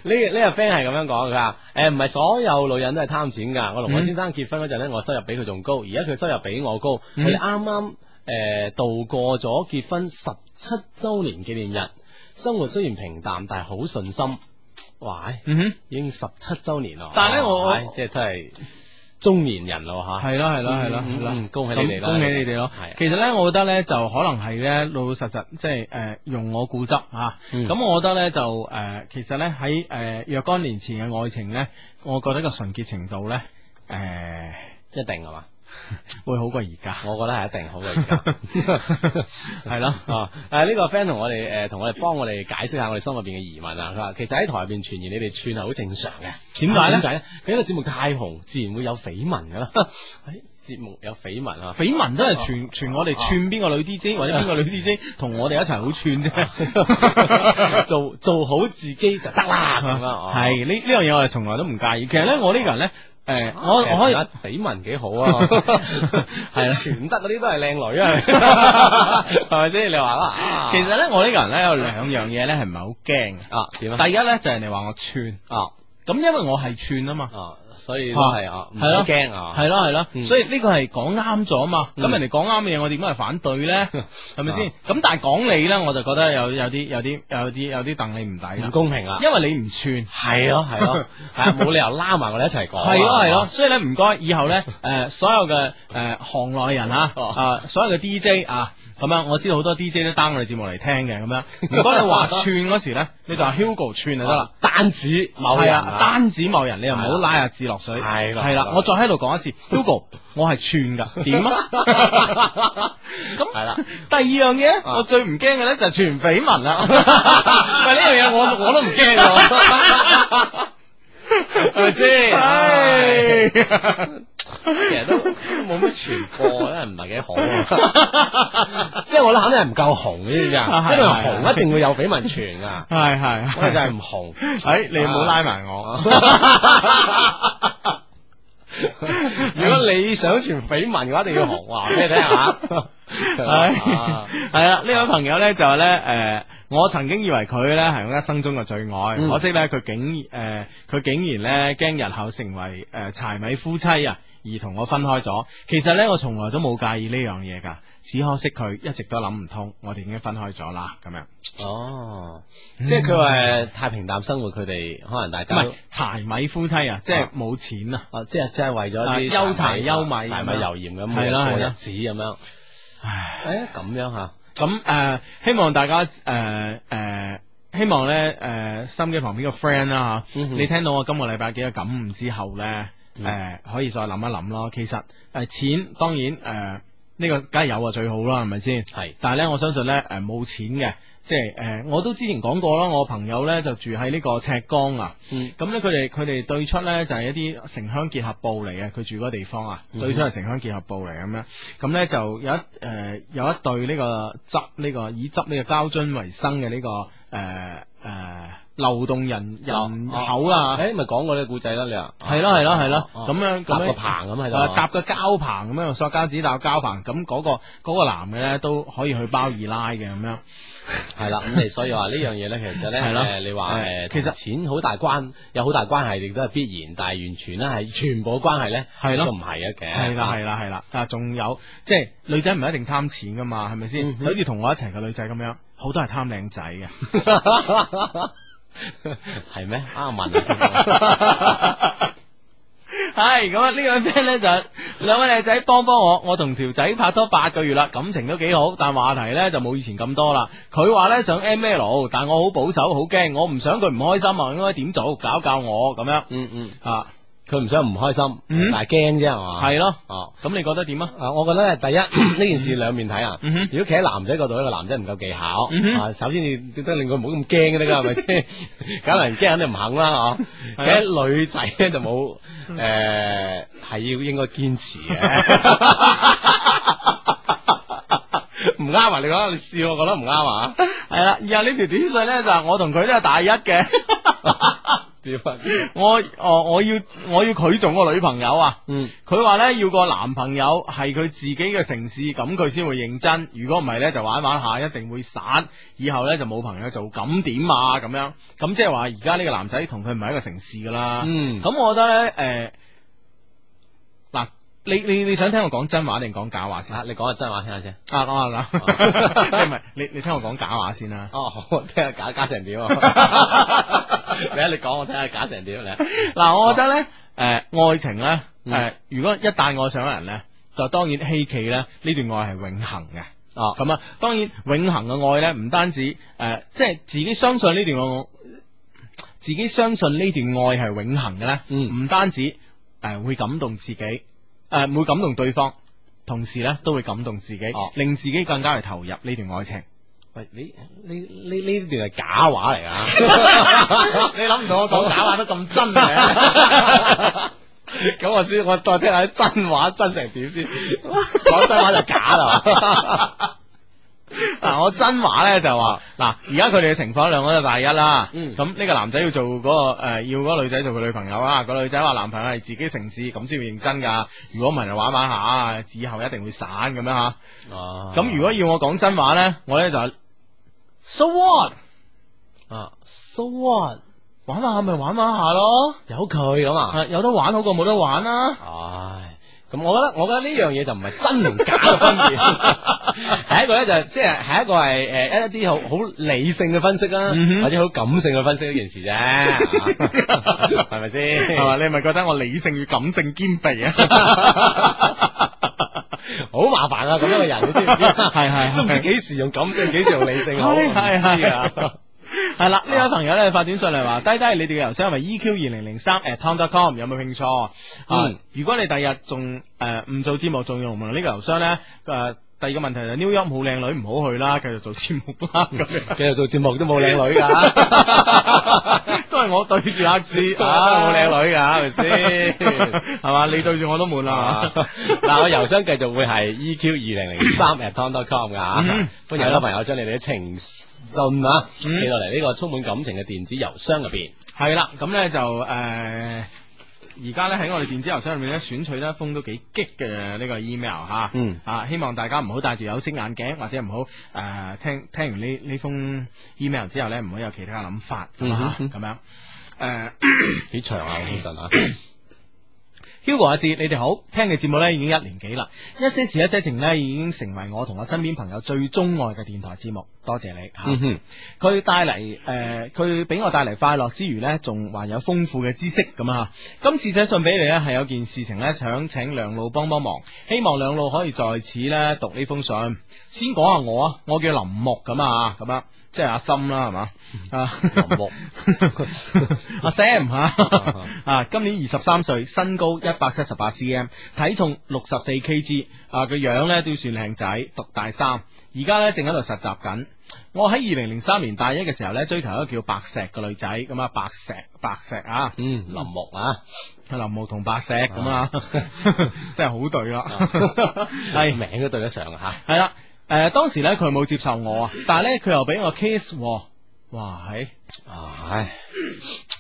呢呢個 friend 係咁樣講噶，誒唔係所有女人都係貪錢噶。我同我先生結婚嗰陣咧，嗯、我收入比佢仲高，而家佢收入比我高，佢啱啱誒度過咗結婚十七周年紀念日。生活雖然平淡，但係好順心。喂，嗯哼，已經十七周年啦。但係咧，我即係真係中年人咯，吓。係咯，係咯，係咯，恭喜你哋咯。恭喜你哋咯。係。其實咧，我覺得咧，就可能係咧，老老實實即係誒，用我固執啊。咁我覺得咧，就誒，其實咧喺誒若干年前嘅愛情咧，我覺得個純潔程度咧，誒、呃，一定係嘛。會好過而家，我覺得係一定好過而家，係咯哦。誒，呢個 friend 同我哋，誒，同我哋幫我哋解釋下我哋心入邊嘅疑問啊。佢話其實喺台入邊傳言你哋串係好正常嘅，點解咧？點解咧？佢呢個節目太紅，自然會有緋聞噶啦。誒，節目有緋聞啊？緋聞都係傳傳我哋串邊個女 DJ 或者邊個女 DJ 同我哋一齊好串啫。做做好自己就得啦。咁係呢呢樣嘢我哋從來都唔介意。其實咧，我呢個人咧。誒，欸啊、我我可以俾文幾好啊，即係 <laughs> 全得嗰啲都係靚女啊，係咪先？你話啦，其實咧，我呢個人咧有兩樣嘢，咧係唔係好驚啊？點樣啊？第一咧就係，人哋話我串啊，咁因為我係串啊嘛。啊所以都係啊，係咯驚啊，係咯係咯，所以呢個係講啱咗啊嘛，咁人哋講啱嘅嘢，我點解係反對咧？係咪先？咁但係講你咧，我就覺得有有啲有啲有啲有啲鄧你唔抵，唔公平啦，因為你唔串，係咯係咯，係冇理由拉埋我哋一齊講，係咯係咯，所以咧唔該以後咧誒所有嘅誒行內人啊，啊所有嘅 D J 啊，咁樣我知道好多 D J 都 down 我哋節目嚟聽嘅，咁樣，如果你話串嗰時咧，你就話 Hugo 串就得啦，單指某人，單指某人，你又唔好拉住。跌落水，係啦，係啦，我再喺度講一次，Hugo，我係串噶，點啊？咁係啦，第二樣嘢，我最唔驚嘅咧就係傳緋聞啦，唔係呢樣嘢，我我都唔驚。係咪先？其實都冇乜傳播，真係唔係幾好，啊。 <laughs> 即係我覺得肯定係唔夠紅呢啲嘅，因為紅一定會有緋聞傳啊。係係，我哋就係唔紅。誒，你唔好拉埋我。如果你想傳緋聞嘅話，一定要紅話俾你聽下。係係啦，呢 <noise> 位朋友咧就係咧，誒、呃。我曾經以為佢咧係我一生中嘅最愛，可惜咧佢竟誒，佢竟然咧驚日後成為誒柴米夫妻啊，而同我分開咗。其實咧我從來都冇介意呢樣嘢噶，只可惜佢一直都諗唔通，我哋已經分開咗啦。咁樣哦，即係佢話太平淡生活，佢哋可能大家唔係柴米夫妻啊，即係冇錢啊，哦，即係即係為咗啲憂柴憂米柴米油鹽咁係啦，我一指咁樣。唉，誒咁樣吓。咁誒、呃，希望大家誒誒、呃呃，希望咧誒、呃，心機旁邊個 friend 啦吓、嗯哼，你聽到我今個禮拜幾個感悟之後咧，誒、嗯呃，可以再諗一諗咯。其實誒、呃，錢當然誒，呢、呃這個梗係有啊最好啦，係咪先？係是，但係咧，我相信咧，誒、呃，冇錢嘅。即係誒、呃，我都之前講過啦，我朋友咧就住喺呢個赤崗啊，咁咧佢哋佢哋對出咧就係、係、一啲城鄉結合部嚟嘅，佢住嗰個地方啊，嗯、對出係城鄉結合部嚟咁樣，咁、嗯、咧就有一誒、呃、有一對呢、呢個執呢、呢個以執呢個膠樽為生嘅呢、呢個誒誒。呃呃流動人人口啦，誒，咪講過呢個古仔啦？你啊，係咯係咯係咯，咁樣搭個棚咁喺度，搭個膠棚咁樣，塑膠紙搭個膠棚，咁嗰個個男嘅咧都可以去包二奶嘅咁樣，係啦，咁你所以話呢樣嘢咧，其實咧誒，你話誒，其實錢好大關有好大關係，亦都係必然，但係完全咧係全部嘅關係咧，係咯都唔係嘅，係啦係啦係啦，啊，仲有即係女仔唔一定貪錢噶嘛，係咪先？好似同我一齊嘅女仔咁樣，好多係貪靚仔嘅。係咩？啱問， <laughs> 係咁啊！呢位 friend 咧就，兩位靚仔幫幫我，我同條仔拍拖八個月啦，感情都幾好，但係話題咧就冇以前咁多啦。佢話呢，想 ML，但我好保守，好驚，我唔想佢唔開心啊！應該點做？搞搞我咁樣。 <laughs> 嗯嗯啊。佢唔想唔開心，但係驚啫係嘛，係咯，哦，咁你覺得點啊？啊，我覺得第一呢件事兩面睇啊。如果企喺男仔角度呢個男仔唔夠技巧，啊，首先你點都令佢唔好咁驚嘅咧，係咪先？梗係人驚肯定唔肯啦，哦。其實女仔咧就冇誒，係要應該堅持嘅。唔啱 <laughs> 啊！你講，你笑，我覺得唔啱啊！係 <laughs> 啦，然後呢條短信呢，就係、我同佢都係大一嘅， <laughs> <laughs> 嗯、我哦，我要我要佢做個女朋友啊！嗯，佢話呢要個男朋友係佢自己嘅城市，咁佢先會認真。如果唔係呢，就玩玩下，一定會散。以後呢，就冇朋友做，咁點啊？咁樣咁即係話，而家呢個男仔同佢唔係一個城市噶啦。嗯，咁我覺得呢。誒、呃。你你你想聽我講真話定講假話先、啊假假？ <laughs> <laughs> 你講下真話聽下先啊！講下講，唔係你你聽我講假話先啦。哦，聽下假假成點？你啊，你講我聽下假成點你嗱？我覺得咧，誒、呃，愛情咧，誒、呃，如果一旦愛上人咧，就當然希冀咧呢段愛係永恒嘅哦。咁啊，啊，啊，當然永恒嘅愛咧，唔單止誒、呃，即係自己相信呢段愛，自己相信呢段愛係永恒嘅咧。唔單止誒、呃呃、會感動自己。誒、呃，會感動對方，同時咧都會感動自己，哦、令自己更加嚟投入呢段愛情。喂，你，你，呢呢段係假話嚟啊？ <laughs> 你諗唔到我講假話都咁真嘅、啊？咁我先，我再聽下啲真話，真成點先？講 <laughs> 真話就假啦。 <laughs> 嗱、 <laughs> 啊，我真話咧就話，嗱，而家佢哋嘅情況，兩個都大一啦。嗯，咁呢個男仔要做嗰、嗰個誒、呃，要嗰個女仔做佢女朋友啊。個女仔話，男朋友係自己城市，咁先會認真噶。如果唔係，玩玩下，以後一定會散咁樣吓。哦、啊，咁、啊、如果要我講真話咧，我咧就，So what？啊，So what？玩玩下咪玩玩下咯，有佢咁啊，啊，有得玩好過冇得玩啊。唉、啊。咁，我覺得我覺得呢樣嘢就唔係真同假嘅分別， <laughs> 係一個咧就即係係一個係誒一啲好好理性嘅分析啦、啊，或者好感性嘅分析呢件事啫，係咪先？係嘛？你係咪覺得我理性與感性兼備啊？好 <laughs> <laughs> 麻煩啊！咁樣嘅人，你知唔知啊？係係，都唔知幾時用感性，幾時用理性，好唔知啊？ <laughs> 係啦，呢位、 <laughs> 這個、朋友咧發短信嚟，話，低低你哋嘅郵箱係咪？E Q 二零零三 at tom dot com，有冇拼錯？嗯，如果你第日仲誒唔做節目，仲用呢個郵箱咧誒。呃第二個問題就 New York 冇靚女，唔好去啦。繼續做節目，啦，繼續做節目都冇靚女噶， <laughs> 都係我對住阿芝啊，冇靚女噶先，係嘛？ <laughs> 你對住我都悶啦。嗱， <laughs> 我郵箱繼續會係 eq 二零零三 at tom.com 噶，歡迎好多朋友將你哋嘅情信啊寄落嚟呢個充滿感情嘅電子郵箱入邊。係啦、嗯，咁咧 <coughs> 就誒。呃而家咧喺我哋電子郵箱入面咧選取一封都幾激嘅呢、呢個 email 吓，嗯啊，希望大家唔好戴住有色眼鏡，或者唔好誒聽聽完呢呢封 email 之後咧，唔好有其他嘅諗法咁啊，咁、嗯、哼 樣誒，幾、呃、 <coughs> 長啊，其實吓。 <coughs> <coughs> Hugo 阿志，你哋好，聽嘅節目呢已經一年幾啦，一些事一些情呢已經成為我同我身邊朋友最鍾愛嘅電台節目，多謝你吓。佢帶嚟誒，佢俾、呃、我帶嚟快樂之餘呢，仲還有豐富嘅知識咁啊。今次寫信俾你呢係有件事情呢，想請兩老幫幫忙，希望兩老可以在此呢讀呢封信。先講下我啊，我叫林木咁啊咁啊。即係阿森啦，係嘛？阿林木，阿 Sam 嚇、啊，嗯、啊，今年二十三歲，身高一百七十八 cm，體重六十四 kg，啊，個樣咧都算靚仔，讀大三，而家咧正喺度實習緊。我喺二零零三年大一嘅時候咧，追求一個叫白石嘅女仔，咁啊，白石，白石啊，嗯，林木啊，林木同白石咁啊，啊啊真係好對咯，係名都對得上吓，係、啊、啦。對 <laughs> 誒、呃，當時咧佢冇接受我啊，但係咧佢又俾我 kiss，哇喺，唉，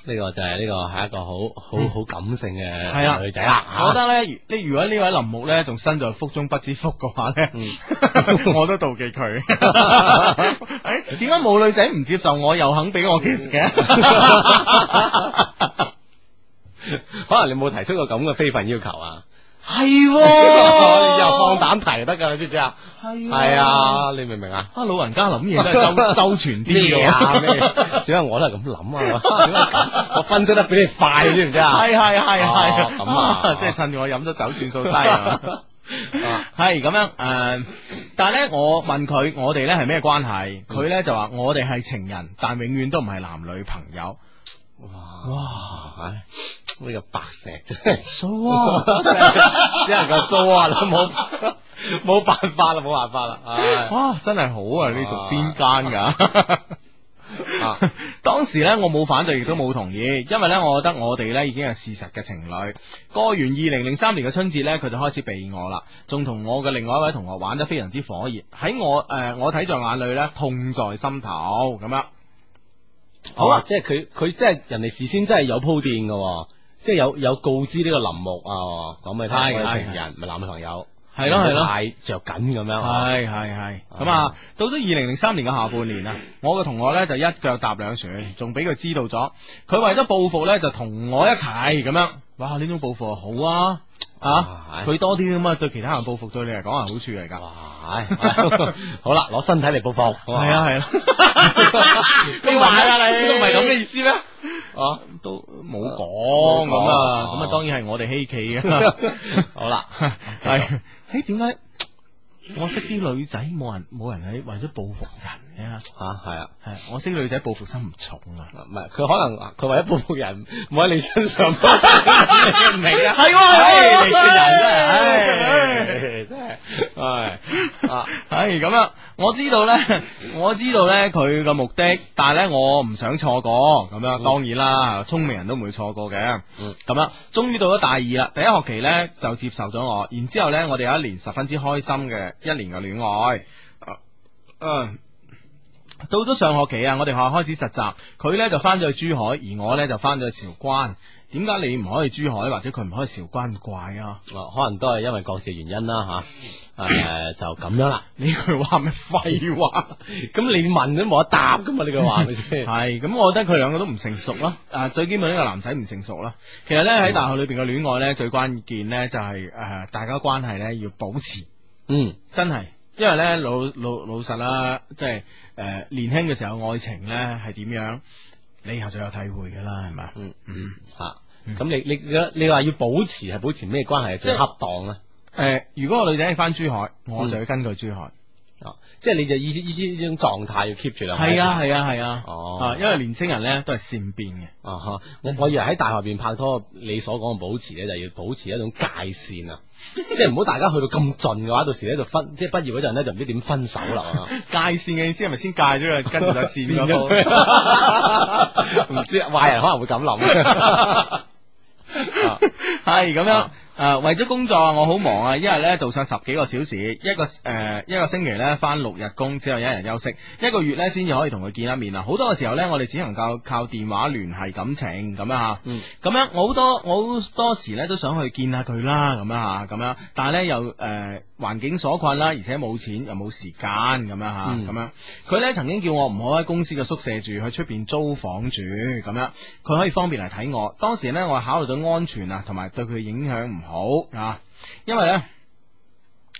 呢、這個就係、是、呢、這個係一個好好好、嗯、感性嘅係啦女仔啦、啊，我、啊、覺得咧，你如果呢位林木咧仲身在福中不知福嘅話咧，嗯、 <laughs> <laughs> 我都妒忌佢。誒，點解冇女仔唔接受我又肯俾我 kiss 嘅？ <laughs> <laughs> 可能你冇提出過咁嘅非分要求啊？係，哦、 <laughs> 又放膽提得噶，知唔知啊？係、哦，係啊，你明唔明啊？啊，老人家諗嘢都係周周全啲嘅，咩、 <laughs> 啊？只係我都係咁諗啊。點解 <laughs> 我分析得比你快，知唔知 <laughs> <laughs> 啊？係係係係，咁啊，即係趁住我飲咗酒，轉數低。啊。係咁樣誒，但係咧，我問佢，我哋咧係咩關係？佢咧 <laughs> 就話，我哋係情人，但永遠都唔係男女朋友。哇！呢個白石啫，騷，只能夠騷啊！冇冇辦法啦，冇辦法啦！哇，哇，這個、真係、 <laughs> 啊啊、好啊！你讀邊間噶？啊、 <laughs> 當時呢，我冇反對，亦都冇同意，因為呢，我覺得我哋呢已經係事實嘅情侶。過完二零零三年嘅春節呢，佢就開始避我啦，仲同我嘅另外一位同學玩得非常之火熱。喺我誒、呃，我睇在眼裏呢，痛在心頭咁樣。哦、好啊吧！即係佢，佢即係人哋事先真係有鋪墊嘅，即係有有告知呢個林木啊，講、哦、咩？太情人咪男女朋友，係咯係咯，太着緊咁樣。係係係，咁啊、嗯，到咗二零零三年嘅下半年啊，我嘅同學咧就一腳踏兩船，仲俾佢知道咗，佢為咗報復咧就同我一齊咁樣。哇！呢種報復好啊！啊！佢多啲咁啊，對其他人報復，對你嚟講係好處嚟噶。哇！好啦，攞身體嚟報復，係啊係啊，你話啦，你唔係咁嘅意思咩？哦，都冇講咁啊，咁啊，當然係我哋稀奇啊。好啦，係，誒，點解？我識啲女仔，冇人冇人喺為咗報復人嘅吓係啊係，我識女仔報復、啊啊、心唔重啊，唔係佢可能佢為咗報復人，冇喺你身上呵呵 <laughs> 你、哎，你唔明、哎、啊？係、哎，人真係，唉，啊，例咁樣，我知道咧，我知道咧，佢嘅目的，但係咧，我唔想錯過，咁樣，當然啦，聰、嗯、明人都唔會錯過嘅，咁啦，終於到咗大二啦，第一學期咧就接受咗我，然之後咧，我哋有一年十分之開心嘅。一年嘅戀愛，嗯、啊啊，到咗上學期啊，我哋學校開始實習，佢呢就翻咗去珠海，而我呢就翻咗去韶關。點解你唔可以珠海，或者佢唔可以韶關怪、啊？怪啊！可能都係因為各自原因啦，吓、啊，誒、 <coughs> 啊，就咁樣啦。呢句話咪廢話？咁、 <coughs> 啊、你問都冇得答噶嘛？呢句話咪先係。咁 <laughs> 我覺得佢兩個都唔成熟啦。啊，最起碼呢個男仔唔成熟啦。其實呢，喺大學裏邊嘅戀愛呢，最關鍵呢就係、是、誒、呃，大家關係呢要保持。嗯，真係，因為咧老老老實啦，即係誒、呃、年輕嘅時候愛情咧係點樣，你以後就有體會噶啦，係咪啊？嗯嗯，吓、嗯，咁你你你話要保持係保持咩關係啊是？即恰當啊？誒、呃，如果個女仔翻珠海，我就要根據珠海、嗯。嗯即係你就意依呢種狀態要 keep 住啦，係啊係啊係啊，哦，因為年青人咧都係善變嘅，啊哈，我可以喺大學入邊拍拖，你所講嘅保持咧，就要保持一種界線啊，即係唔好大家去到咁盡嘅話，到時咧就分，即係畢業嗰陣咧就唔知點分手啦，界線嘅意思係咪先戒咗佢，跟住就線嗰度，唔知壞人可能會咁諗，係咁樣。誒、呃，為咗工作我好忙啊，一日咧做上十幾個小時，一個誒、呃、一個星期咧返六日工之後，只有一日休息，一個月咧先至可以同佢見一面啊！好多嘅時候咧，我哋只能夠靠，靠電話聯繫感情咁啊，咁樣吓，嗯，咁樣，咁樣我好多我好多時咧都想去見下佢啦，咁啊，咁樣，但係咧又誒。環境所困啦，而且冇錢又冇時間咁、嗯、樣吓，咁樣佢呢曾經叫我唔好喺公司嘅宿舍住，去出邊租房住咁樣，佢可以方便嚟睇我。當時呢，我考慮到安全啊，同埋對佢影響唔好啊，因為呢，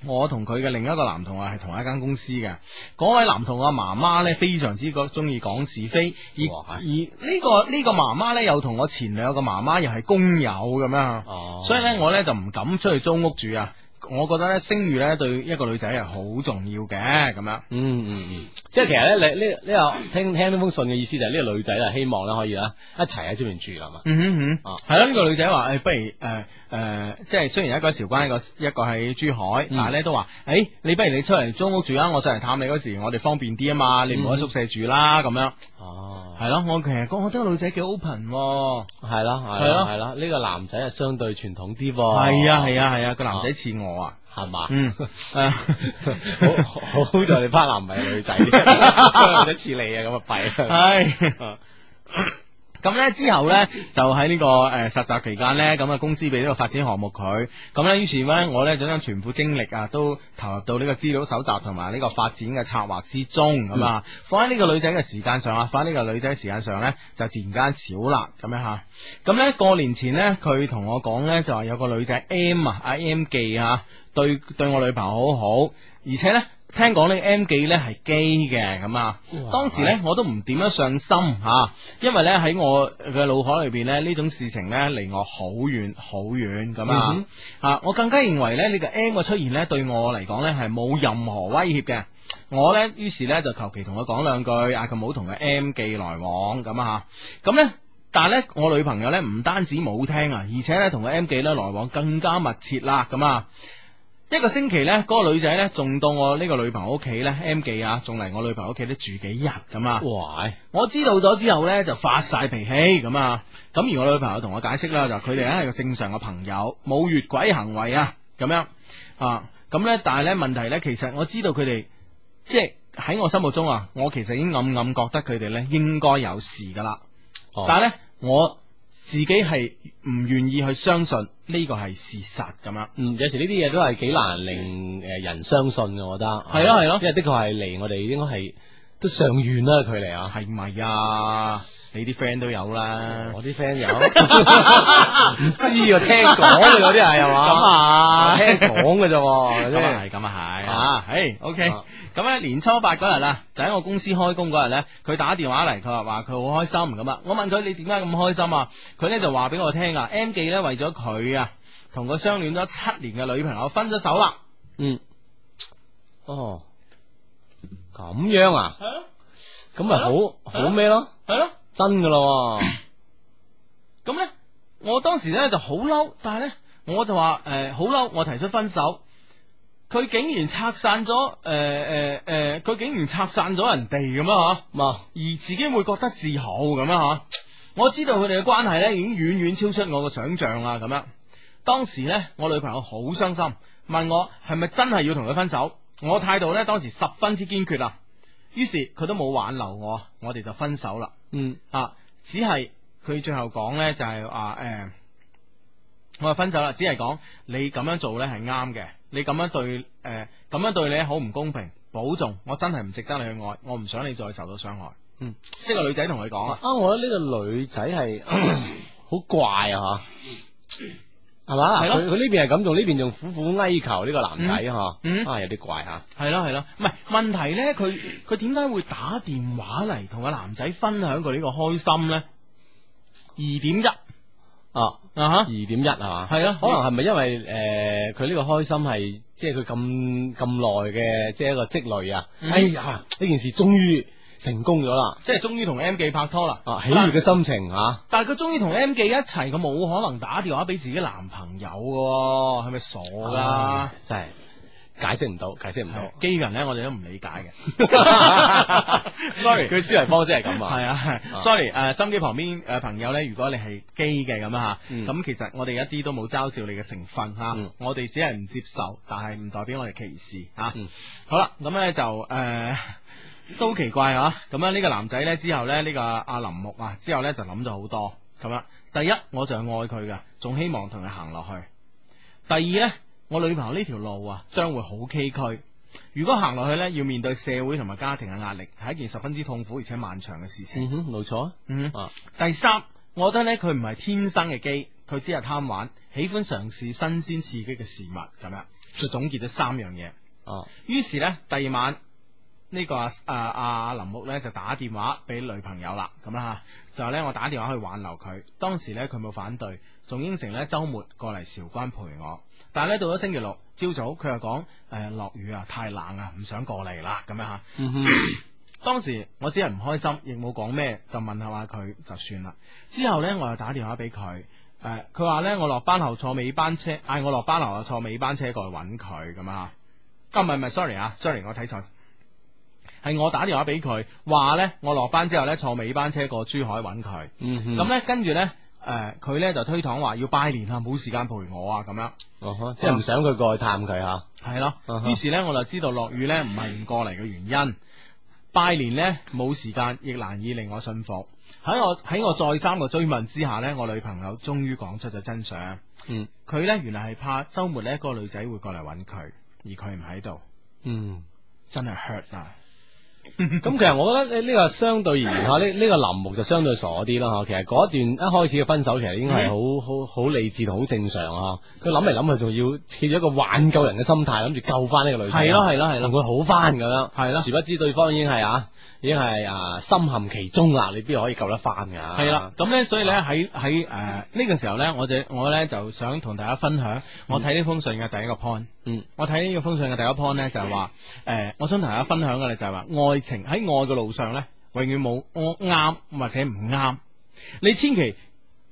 我同佢嘅另一個男同學係同一間公司嘅，嗰位男同學媽媽呢，非常之覺中意講是非，而而哇、這個這個、呢個呢個媽媽呢又同我前女友嘅媽媽又係工友咁樣，哦、所以呢，我呢就唔敢出去租屋住啊。我覺得咧，聲譽咧對一個女仔係好重要嘅，咁樣，嗯。嗯嗯嗯。即係其實咧，你呢呢個聽聽呢封信嘅意思就係呢個女仔啦，希望咧可以咧一齊喺出邊住啦嘛。嗯哼哼。哦，係咯，呢個女仔話，誒，不如誒誒，即係雖然一個喺韶關，一個一個喺珠海，但係咧都話，誒，你不如你出嚟租屋住啊，我上嚟探你嗰時，我哋方便啲啊嘛，你唔好喺宿舍住啦，咁樣。哦。係咯，我其實講，我覺得女仔幾 open。係咯係咯係咯，呢個男仔係相對傳統啲。係啊係啊係啊，個男仔似我啊。係嘛？嗯 <laughs> 好，好，好在你 partner 唔係女仔，得似你啊咁啊弊。唉，咁呢之後呢，就喺呢個誒實習期間呢，咁啊公司俾呢個發展項目佢，咁呢，於是呢，我呢就將全部精力啊都投入到呢個資料搜集同埋呢個發展嘅策劃之中，咁啊、嗯、放喺呢個女仔嘅時間上啊，放喺呢個女仔嘅時間上呢，就自然間少啦，咁樣吓。咁咧過年前呢，佢同我講呢，就話有個女仔 M 啊，阿 M 記啊。對對，我女朋友好好，而且咧，聽講呢 M 記呢係 gay 嘅咁啊。哇當時咧，我都唔點樣上心吓，因為呢喺我嘅腦海裏邊呢，呢種事情呢，離我好遠好遠咁啊。吓，我更加認為咧，呢、呢個 M 嘅出現呢，對我嚟講呢，係冇任何威脅嘅。我呢，於是呢，就求其同佢講兩句，嗌佢冇同佢 M 記來往咁啊。咁咧，但係咧我女朋友呢，唔單止冇聽啊，而且呢，同佢 M 記呢來往更加密切啦咁啊。一個星期呢，嗰、那個女仔呢，仲到我呢個女朋友屋企呢 M 記啊，仲嚟我女朋友屋企呢住幾日咁啊！哇，我知道咗之後呢，就發晒脾氣咁啊！咁而我女朋友同我解釋啦，就佢哋咧係個正常嘅朋友，冇越軌行為啊，咁樣啊，咁、啊、呢，但係呢問題呢，其實我知道佢哋即係喺我心目中啊，我其實已經暗暗覺得佢哋呢應該有事噶啦，哦、但係呢，我。自己係唔願意去相信呢個係事實咁樣，嗯，有時呢啲嘢，都係幾難令誒、呃、人相信嘅。我覺得係咯係咯，啊啊、因為的確係離我哋應該係都上遠啦距離啊，係唔係啊？你啲 friend 都有啦，我啲 friend 有，唔 <laughs> 知啊，聽講嘅有啲係係嘛？咁啊，聽講嘅啫，真係咁啊係吓，OK，咁咧，年初八嗰日啊，就喺我公司開工嗰日咧，佢打電話嚟，佢話話佢好開心咁啊，我問佢你點解咁開心啊？佢咧就話俾我聽啊，M 記咧為咗佢啊，同個相戀咗七年嘅女朋友分咗手啦，嗯，哦，咁樣啊，係咯，咁咪的好的好咩咯？係咯。真噶咯咁呢，我當時呢就好嬲，但係呢，我就話誒好嬲，我提出分手，佢竟然拆散咗誒誒誒，佢、呃呃、竟然拆散咗人哋咁樣吓，而自己會覺得自豪咁樣吓。我知道佢哋嘅關係呢已經遠遠超出我嘅想象啦。咁樣當時呢，我女朋友好傷心，問我係咪真係要同佢分手。我態度呢，當時十分之堅決啦，於是佢都冇挽留我，我哋就分手啦。嗯啊，只係佢最後講呢，就係話誒，我話分手啦，只係講你咁樣做呢係啱嘅，你咁樣對誒咁、呃、樣對你好唔公平，保重，我真係唔值得你去愛，我唔想你再受到傷害。嗯，呢、嗯、個女仔同佢講啊，我覺得呢個女仔係 <coughs> <coughs> 好怪啊， <coughs> 係嘛？佢佢呢邊係咁做，呢邊仲苦苦哀求呢個男仔嗬？嗯、啊，有啲怪吓。係咯係咯，唔係問題咧，佢佢點解會打電話嚟同個男仔分享佢呢個開心咧？二點一啊啊吓，二點一係嘛？係、huh. 咯，係嘛係嘛，可能係咪因為誒，佢、呃、呢個開心係即係佢咁咁耐嘅即係一個積累啊？嗯、哎呀，呢件事終於。成功咗啦！即係終於同 M 記拍拖啦，啊！喜悅嘅心情吓，啊，但係佢終於同 M 記一齊，佢冇可能打電話俾自己男朋友嘅，啊，係咪傻噶，啊啊？真係解釋唔到，解釋唔到，基人咧我哋都唔理解嘅。 <laughs> <laughs> sorry，佢思維方式係咁啊，係 <laughs> 啊，啊，Sorry，誒、呃，心機旁邊誒朋友咧，如果你係基嘅咁啊，咁、嗯、其實我哋一啲都冇嘲笑你嘅成分吓，啊嗯、我哋只係唔接受，但係唔代表我哋歧視吓。啊嗯、好啦，咁咧就誒。呃都好奇怪啊！咁樣呢個男仔呢，之後呢，呢、呢個阿林木啊，之後呢，就諗咗好多咁樣。第一，我就愛佢㗎，仲希望同佢行落去。第二呢，我女朋友呢條路啊，將會好崎嶇。如果行落去呢，要面對社會同埋家庭嘅壓力，係一件十分之痛苦而且漫長嘅事情。嗯、哼，冇錯啊。嗯哼。啊、第三，我覺得呢，佢唔係天生嘅基，佢只係貪玩，喜歡嘗試新鮮刺激嘅事物。咁樣，就總結咗三樣嘢。哦、啊。於是呢，第二晚。個啊啊、呢個阿阿阿林木咧就打電話俾女朋友啦，咁啦吓就係咧，我打電話去挽留佢。當時咧佢冇反對，仲應承咧周末過嚟韶關陪我。但係咧到咗星期六朝早，佢又講誒落雨啊，太冷啊，唔想過嚟啦。咁樣吓，當時我只係唔開心，亦冇講咩，就問下佢就算啦。之後咧我又打電話俾佢，誒、呃，佢話咧我落班後坐尾班車，嗌我落班後坐尾班車過去搵佢咁啊。啊唔係唔係 sorry 啊，sorry 我睇錯。係我打電話俾佢，話呢我落班之後呢坐尾班車過珠海揾佢。咁呢跟住呢，誒佢呢就推搪話要拜年啊，冇時間陪我啊，咁樣。哦呵，即係唔想佢過去探佢吓。係咯，於是呢我就知道落雨呢唔係唔過嚟嘅原因。拜年呢冇時間，亦難以令我信服。喺我喺我再三嘅追問之下呢，我女朋友終於講出咗真相。嗯，佢呢原來係怕周末呢一個女仔會過嚟揾佢，而佢唔喺度。嗯，真係 hurt 啊。咁 <laughs> 其實我覺得呢呢個相對而言吓，呢呢、 <laughs> 啊這個林木就相對傻啲啦吓。其實嗰一段一開始嘅分手，其實應該係好好好理智同好正常吓。佢諗嚟諗去，仲要起咗個挽救人嘅心態，諗住救翻呢個女仔。係咯係咯係咯，佢好翻咁樣。係咯的，殊不知對方已經係啊，已經係啊深陷其中啦。你邊可以救得翻噶？係啦，咁咧所以咧喺喺誒呢、啊呃、個時候咧，我哋我咧就想同大家分享我睇呢封信嘅第一個 point。嗯嗯，我睇呢個封信嘅第一 point 咧，就係話，誒，我想同大家分享嘅咧，就係話，愛情喺愛嘅路上咧，永遠冇我啱或者唔啱，你千祈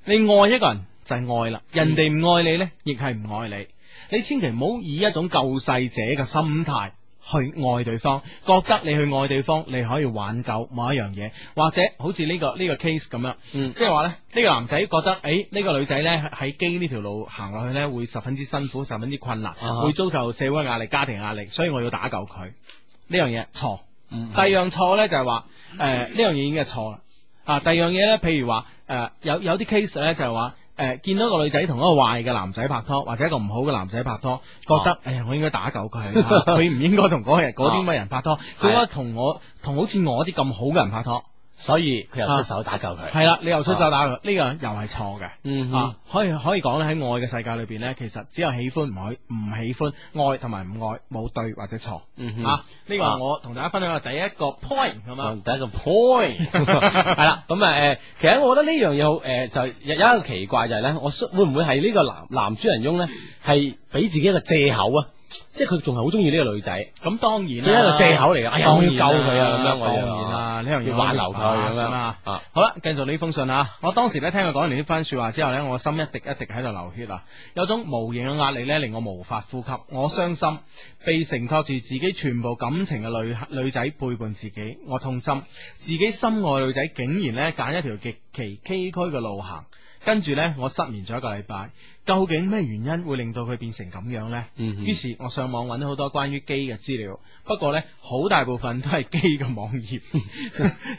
你愛一個人就係愛啦，人哋唔愛你咧，亦係唔愛你，你千祈唔好以一種救世者嘅心態。去愛對方，覺得你去愛對方，你可以挽救某一樣嘢，或者好似呢、這個呢、這個 case 咁樣，嗯，即係話咧，呢、這個男仔覺得，誒、欸，呢、這個女仔呢喺經呢條路行落去呢，去會十分之辛苦，十分之困難，啊、會遭受社會壓力、家庭壓力，所以我要打救佢。呢樣嘢錯，錯嗯嗯、第二樣錯呢就係、是、話，誒、呃，呢、嗯嗯、樣嘢已經係錯啦。啊，第二樣嘢呢，譬如話，誒、呃，有有啲 case 呢，就係話。誒、呃，見到個女仔同一個壞嘅男仔拍拖，或者一個唔好嘅男仔拍拖，覺得、哦、哎呀我應該打救佢，佢唔 <laughs> 應該同嗰日嗰啲乜人拍拖，佢應該同我同好似我啲咁好嘅人拍拖。所以佢又出手打救佢。啊，係啦，你又出手打佢，呢、啊，、個又係錯嘅。嗯哼、啊，可以可以講咧，喺愛嘅世界裏邊咧，其實只有喜歡唔喜唔喜歡，愛同埋唔愛冇對或者錯。嗯哼，呢、啊、個我同大家分享嘅第一個 point 咁啊，吧第一個 point 係啦，咁誒，其實我覺得呢樣嘢好誒，就有一個奇怪就係咧，我會唔會係呢個男男主人翁咧，係俾自己一個借口啊？即係佢仲係好中意呢個女仔，咁當然呢個借口嚟嘅，哎、要啊，當然救佢啊，咁樣我啊，呢樣要挽留佢咁樣。啊、好啦，繼續呢封信啊，我當時咧聽佢講完呢番說話之後咧，我心一滴一滴喺度流血啊，有種無形嘅壓力咧，令我無法呼吸。我傷心，被承托住自己全部感情嘅女女仔背叛自己，我痛心，自己心愛嘅女仔竟然咧揀一條極其崎嶇嘅路行。跟住呢，我失眠咗一個禮拜。究竟咩原因會令到佢變成咁樣呢？於是我上網揾咗好多關於基嘅資料，不過呢，好大部分都係基嘅網頁，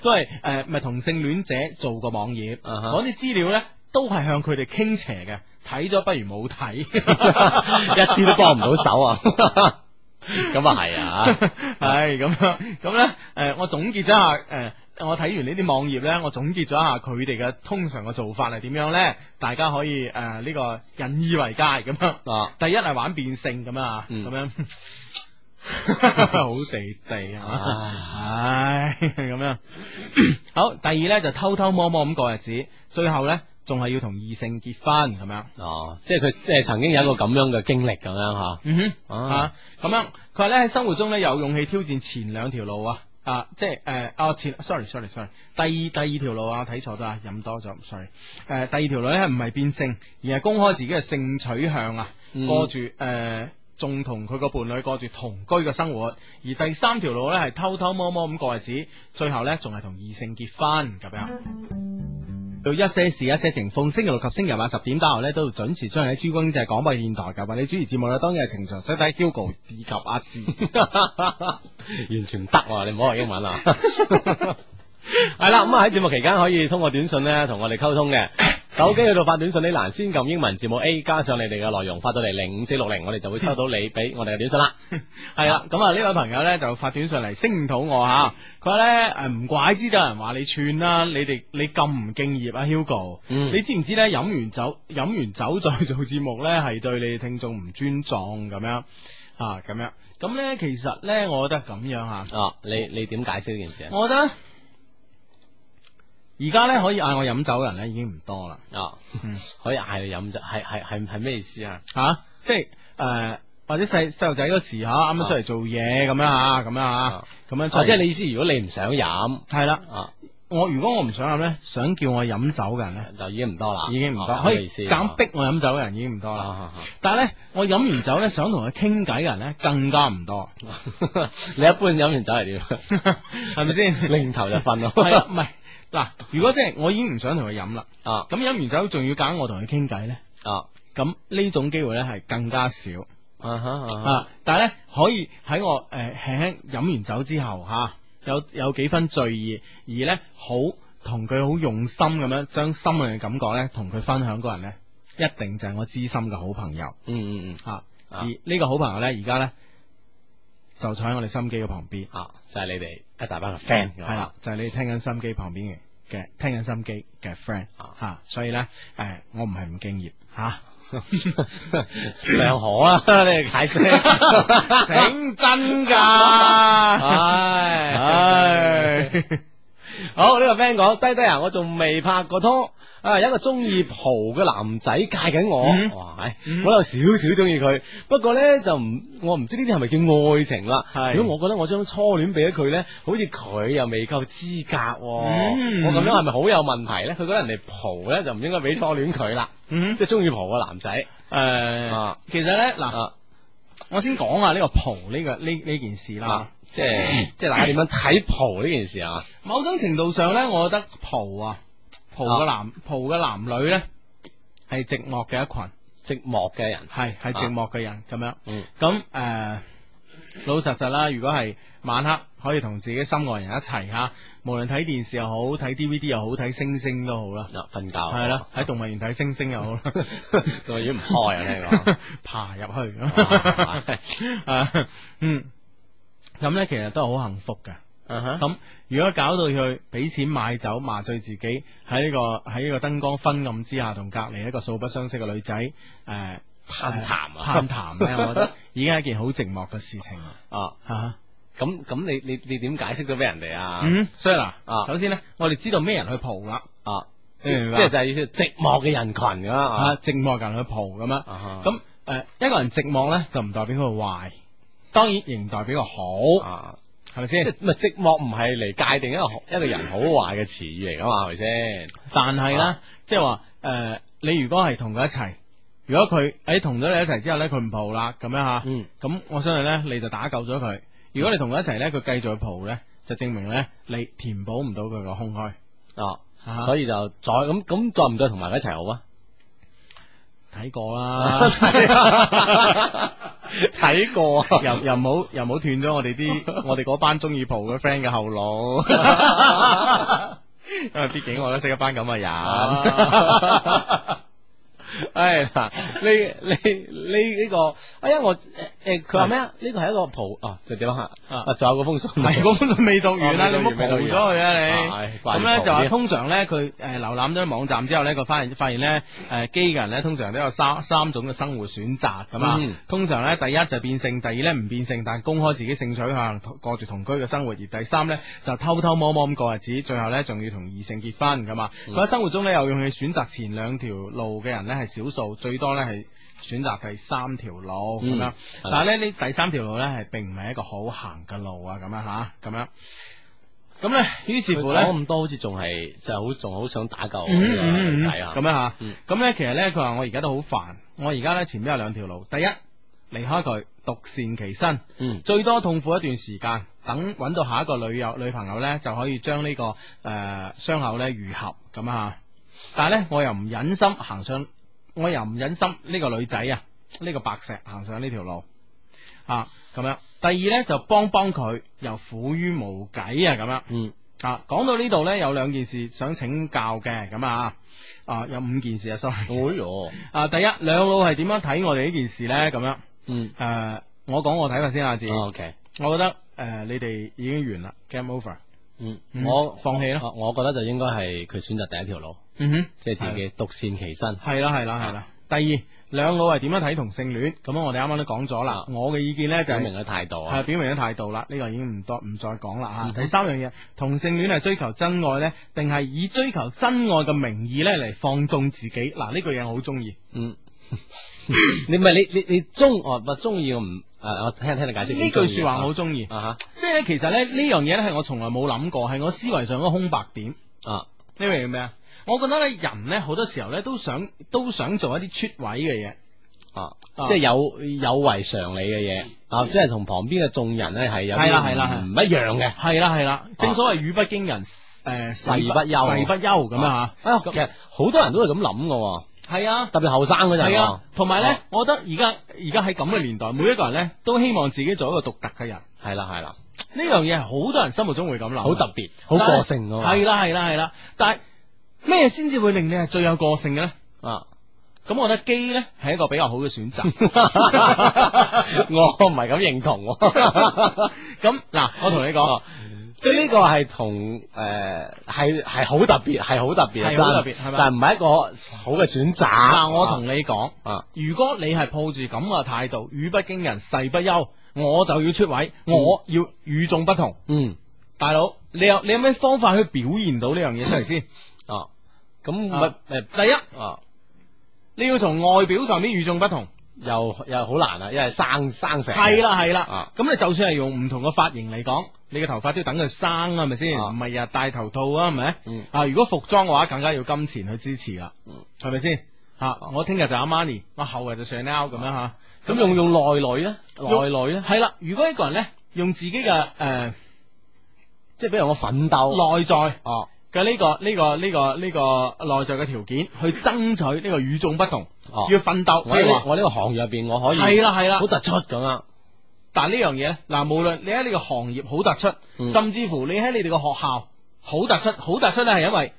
都係誒咪同性戀者做嘅網頁。嗰啲資料呢，都係向佢哋傾斜嘅，睇咗不如冇睇， <laughs> <laughs> 一啲都幫唔到手啊！咁啊係啊，係咁咁咧，誒、 <laughs> 哎呃、我總結咗下誒。呃我睇完呢啲網頁呢，我總結咗一下佢哋嘅通常嘅做法係點樣呢？大家可以誒呢、呃這個引以為戒咁樣。啊，第一係玩變性咁樣，咁樣、嗯、 <laughs> 好地地啊，唉咁樣。好，第二呢就偷偷摸摸咁過日子，最後呢，仲係要同異性結婚咁樣。哦，即係佢即係曾經有一個咁樣嘅經歷咁樣吓。嗯哼，啊咁樣，佢話呢，喺生活中呢有勇氣挑戰前兩條路啊。啊，uh, 即係誒，哦、uh,，切、uh,，sorry，sorry，sorry，sorry. 第二第二條路啊，我睇錯咗，飲多咗，唔 sorry。誒，第二條路咧唔係變性，而係公開自己嘅性取向啊，嗯、過住誒，仲同佢個伴侶過住同居嘅生活，而第三條路咧係偷偷摸摸咁過日子，最後咧仲係同異性結婚咁樣。到一些事、一些情況，星期六及星期日晚十點，打後咧都準時將喺珠江經濟廣播現代嘅雲理主持節目啦。當日嘅程序，想睇 Hugo 以及阿、啊、志， <laughs> <laughs> 完全唔得、啊，你唔好話英文啊！ <laughs> <laughs> 係啦，咁喺節目期間可以通過短信咧同我哋溝通嘅，手機喺度發短信你難先撳英文字母 A 加上你哋嘅內容發到嚟零五四六零，我哋就會收到你俾我哋嘅短信啦。係啦， <laughs> 咁啊，呢位朋友咧就發短信嚟聲討我吓，佢話咧誒唔怪之得有人話你串啦，你哋你咁唔敬業啊，Hugo，、嗯、你知唔知咧飲完酒飲完酒再做節目咧係對你聽眾唔尊重咁、啊、樣啊咁樣咁咧？其實咧，我覺得咁樣啊，哦、我你你點解釋呢件事啊？我覺得。而家咧，可以嗌我飲酒嘅人咧已經唔多啦，啊，可以嗌你飲酒，係係係係咩意思啊？啊，即係誒，或者細細路仔嗰時嗬，啱啱出嚟做嘢咁樣吓，咁樣吓，咁樣，即係你意思如果你唔想飲，係啦，我如果我唔想飲咧，想叫我飲酒嘅人咧就已經唔多啦，已經唔多，可以夾逼我飲酒嘅人已經唔多啦。但係咧，我飲完酒咧想同佢傾偈嘅人咧更加唔多。你一般飲完酒係點？係咪先？擰頭就瞓咯，唔係。嗱，如果即係我已經唔想同佢飲啦，啊，咁飲完酒仲要揀我同佢傾偈呢？啊，咁呢種機會呢係更加少，啊，啊，啊但係呢，可以喺我誒輕輕飲完酒之後吓、啊，有有幾分醉意，而呢好同佢好用心咁樣將心裏嘅感覺呢同佢分享，嗰人呢，一定就係我知心嘅好朋友，嗯嗯嗯，吓、嗯，啊啊、而呢個好朋友呢，而家呢。就坐喺我哋心機嘅旁邊、啊，就係、是、你哋一大班嘅 friend，係啦，就係、是、你哋聽緊心機旁邊嘅嘅聽緊心機嘅 friend，吓、啊啊，所以咧，誒、呃，我唔係唔敬業吓，兩、啊、可 <laughs> 啊，你哋解釋，頂 <laughs> 真噶，唉，好呢個 friend 講，低低啊，我仲未拍過拖。啊，有一個中意蒲嘅男仔介緊我，嗯、哇，我有少少中意佢，不過呢，就唔，我唔知呢啲係咪叫愛情啦。是如果我覺得我將初戀俾咗佢呢，好似佢又未夠資格，嗯、我咁樣係咪好有問題呢？佢覺得人哋蒲呢，就唔應該俾初戀佢啦，即係中意蒲嘅男仔。誒、嗯，呃、其實呢，嗱，我先講下呢個蒲呢個呢呢件事啦，即係即係大家點樣睇蒲呢件事啊？某種程度上呢，我覺得蒲啊。蒲嘅男，哦、蒲嘅男女咧，係寂寞嘅一群，寂寞嘅人，係係寂寞嘅人咁樣。嗯，咁誒，老老實實啦。如果係晚黑可以同自己心愛人一齊吓，無論睇電視又好，睇 D V D 又好，睇星星都好啦。嗱，瞓覺係啦，喺動物園睇星星又好啦。動物園唔開啊，你話爬入去啊，嗯，咁、嗯、咧、嗯、其實都係好幸福嘅。咁、uh huh. 如果搞到佢俾錢買酒麻醉自己，喺呢個喺呢個燈光昏暗之下，同隔籬一個素不相識嘅女仔誒攀談攀談咧，我覺得已經係一件好寂寞嘅事情啦。啊吓、uh，咁咁你你你點解釋都俾人哋啊？所以嗱，uh huh. 首先咧，我哋知道咩人去蒲噶、uh huh. 啊，即係就係寂寞嘅人群啦吓，寂寞人去蒲咁樣。咁誒、uh huh. 嗯呃，一個人寂寞咧，就唔代表佢壞，當然仍唔代表佢好。Uh huh. uh huh. 係咪先？咪寂寞唔係嚟界定一個一個人好壞嘅詞語嚟噶嘛？係咪先？但係咧，即係話誒，你如果係同佢一齊，如果佢喺同咗你一齊之後咧，佢唔蒲啦，咁樣吓，嗯，咁我相信咧，你就打救咗佢。如果你同佢一齊咧，佢繼續去蒲咧，就證明咧，你填補唔到佢個空虛。哦，啊啊、所以就再咁咁再唔再同埋佢一齊好啊？睇過啦，睇過，又又唔好，又唔好斷咗我哋啲，我哋嗰班中意蒲嘅 friend 嘅後腦，因為畢竟我都識一班咁嘅人。係嗱、哎，你你呢呢、這個，哎呀我誒誒佢話咩啊？呢個係一個圖啊，就點啊？啊，仲有嗰封信，係、啊、封都未讀完啦，啊、完你唔好塗咗佢啊你。咁咧就話通常咧佢誒瀏覽咗啲網站之後咧，佢發現發現咧誒基嘅人咧通常都有三三種嘅生活選擇咁啊。嗯、通常咧第一就是、變性，第二咧唔變性，但係公開自己性取向過住同居嘅生活，而第三咧就偷，偷偷摸摸咁過日子，最後咧仲要同異性結婚咁啊。佢喺生活中咧又用去選擇前兩條路嘅人咧。係少數，最多咧係選擇第三條路咁、嗯、樣。嗯、但係咧呢第三條路咧係並唔係一個好行嘅路啊，咁樣吓，咁樣。咁咧，於是乎咧，講咁多好似仲係就係好仲好想打救佢嘅仔啊！咁樣吓，咁咧其實咧佢話我而家都好煩，我而家咧前面有兩條路，第一離開佢，獨善其身，嗯，最多痛苦一段時間，等揾到下一個女友女朋友咧就可以將、這個呃、呢個誒傷口咧愈合咁啊。但係咧我又唔忍心行上。我又唔忍心呢、這個女仔啊，呢、這個白石行上呢條路啊，咁樣。第二呢就幫幫佢，又苦於無計、嗯、啊，咁樣。嗯啊，講到呢度呢，有兩件事想請教嘅咁啊，啊有五件事啊，sorry，哎、呀啊，第一，兩老係點樣睇我哋呢件事呢？咁樣、啊、嗯誒、啊，我講我睇嘅先啊，先，哦 okay、我覺得誒、呃，你哋已經完啦，game over。嗯，我放棄啦。我覺得就應該係佢選擇第一條路，嗯哼，即係自己獨善其身，係啦係啦係啦。第二，兩老係點樣睇同性戀？咁啊，我哋啱啱都講咗啦。我嘅意見咧就表明嘅態度，係表明嘅態度啦。呢個已經唔多唔再講啦吓。第三樣嘢，同性戀係追求真愛咧，定係以追求真愛嘅名義咧嚟放縱自己？嗱，呢句嘢我好中意。嗯，你唔係你你你中啊？唔中意唔？誒，我聽下聽你解釋呢句說話，我好中意。啊哈，即係咧，其實咧呢樣嘢咧係我從來冇諗過，係我思維上嗰個空白點。啊，你明唔明啊？我覺得咧，人咧好多時候咧都想都想做一啲出位嘅嘢。啊，啊即係有有違常理嘅嘢。是的 啊，即係同旁邊嘅眾人咧係有係啦係啦係唔一樣嘅。係啦係啦，正所謂語不驚人誒，誓、呃、不休，誓不休咁樣吓。啊，啊其實好多人都係咁諗噶。係啊，特別後生嗰陣，同埋咧，呢啊、我覺得而家而家喺咁嘅年代，每一個人咧都希望自己做一個獨特嘅人，係啦係啦，呢、啊、樣嘢好多人心目中會咁諗，好特別，好是個性咯、啊，係啦係啦係啦，但係咩先至會令你係最有個性嘅咧？啊，咁、啊、我覺得機咧係一個比較好嘅選擇，我唔係咁認同。咁嗱，我同你講。即係呢個係同誒係係好特別係好特別係特別係咪？但係唔係一個好嘅選擇。嗱，我同你講，啊，如果你係抱住咁嘅態度，語不驚人誓不休，我就要出位，我要與眾不同。嗯，大佬，你有你有咩方法去表現到呢樣嘢出嚟先？啊，咁誒，啊，第一啊，你要從外表上面與眾不同。又又好難啊，因為生生成係啦係啦，咁你就算係用唔同嘅髮型嚟講，你嘅頭髮都要等佢生啊，係咪先？唔係日日戴頭套啊，係咪？啊，如果服裝嘅話，更加要金錢去支持啦，係咪先？吓，我聽日就阿瑪尼，我後日就 Chanel 咁樣吓。咁用用內裏咧，內裏咧，係啦。如果一個人咧用自己嘅誒，即係比如我奮鬥內在哦。嘅呢個呢個呢個呢個內在嘅條件，去爭取呢個與眾不同，要奮鬥。我呢個行業入邊，我可以係啦係啦，好突出咁啦。但係呢樣嘢咧，嗱，無論你喺呢個行業好突出，甚至乎你喺你哋個學校好突出，好突出咧係因為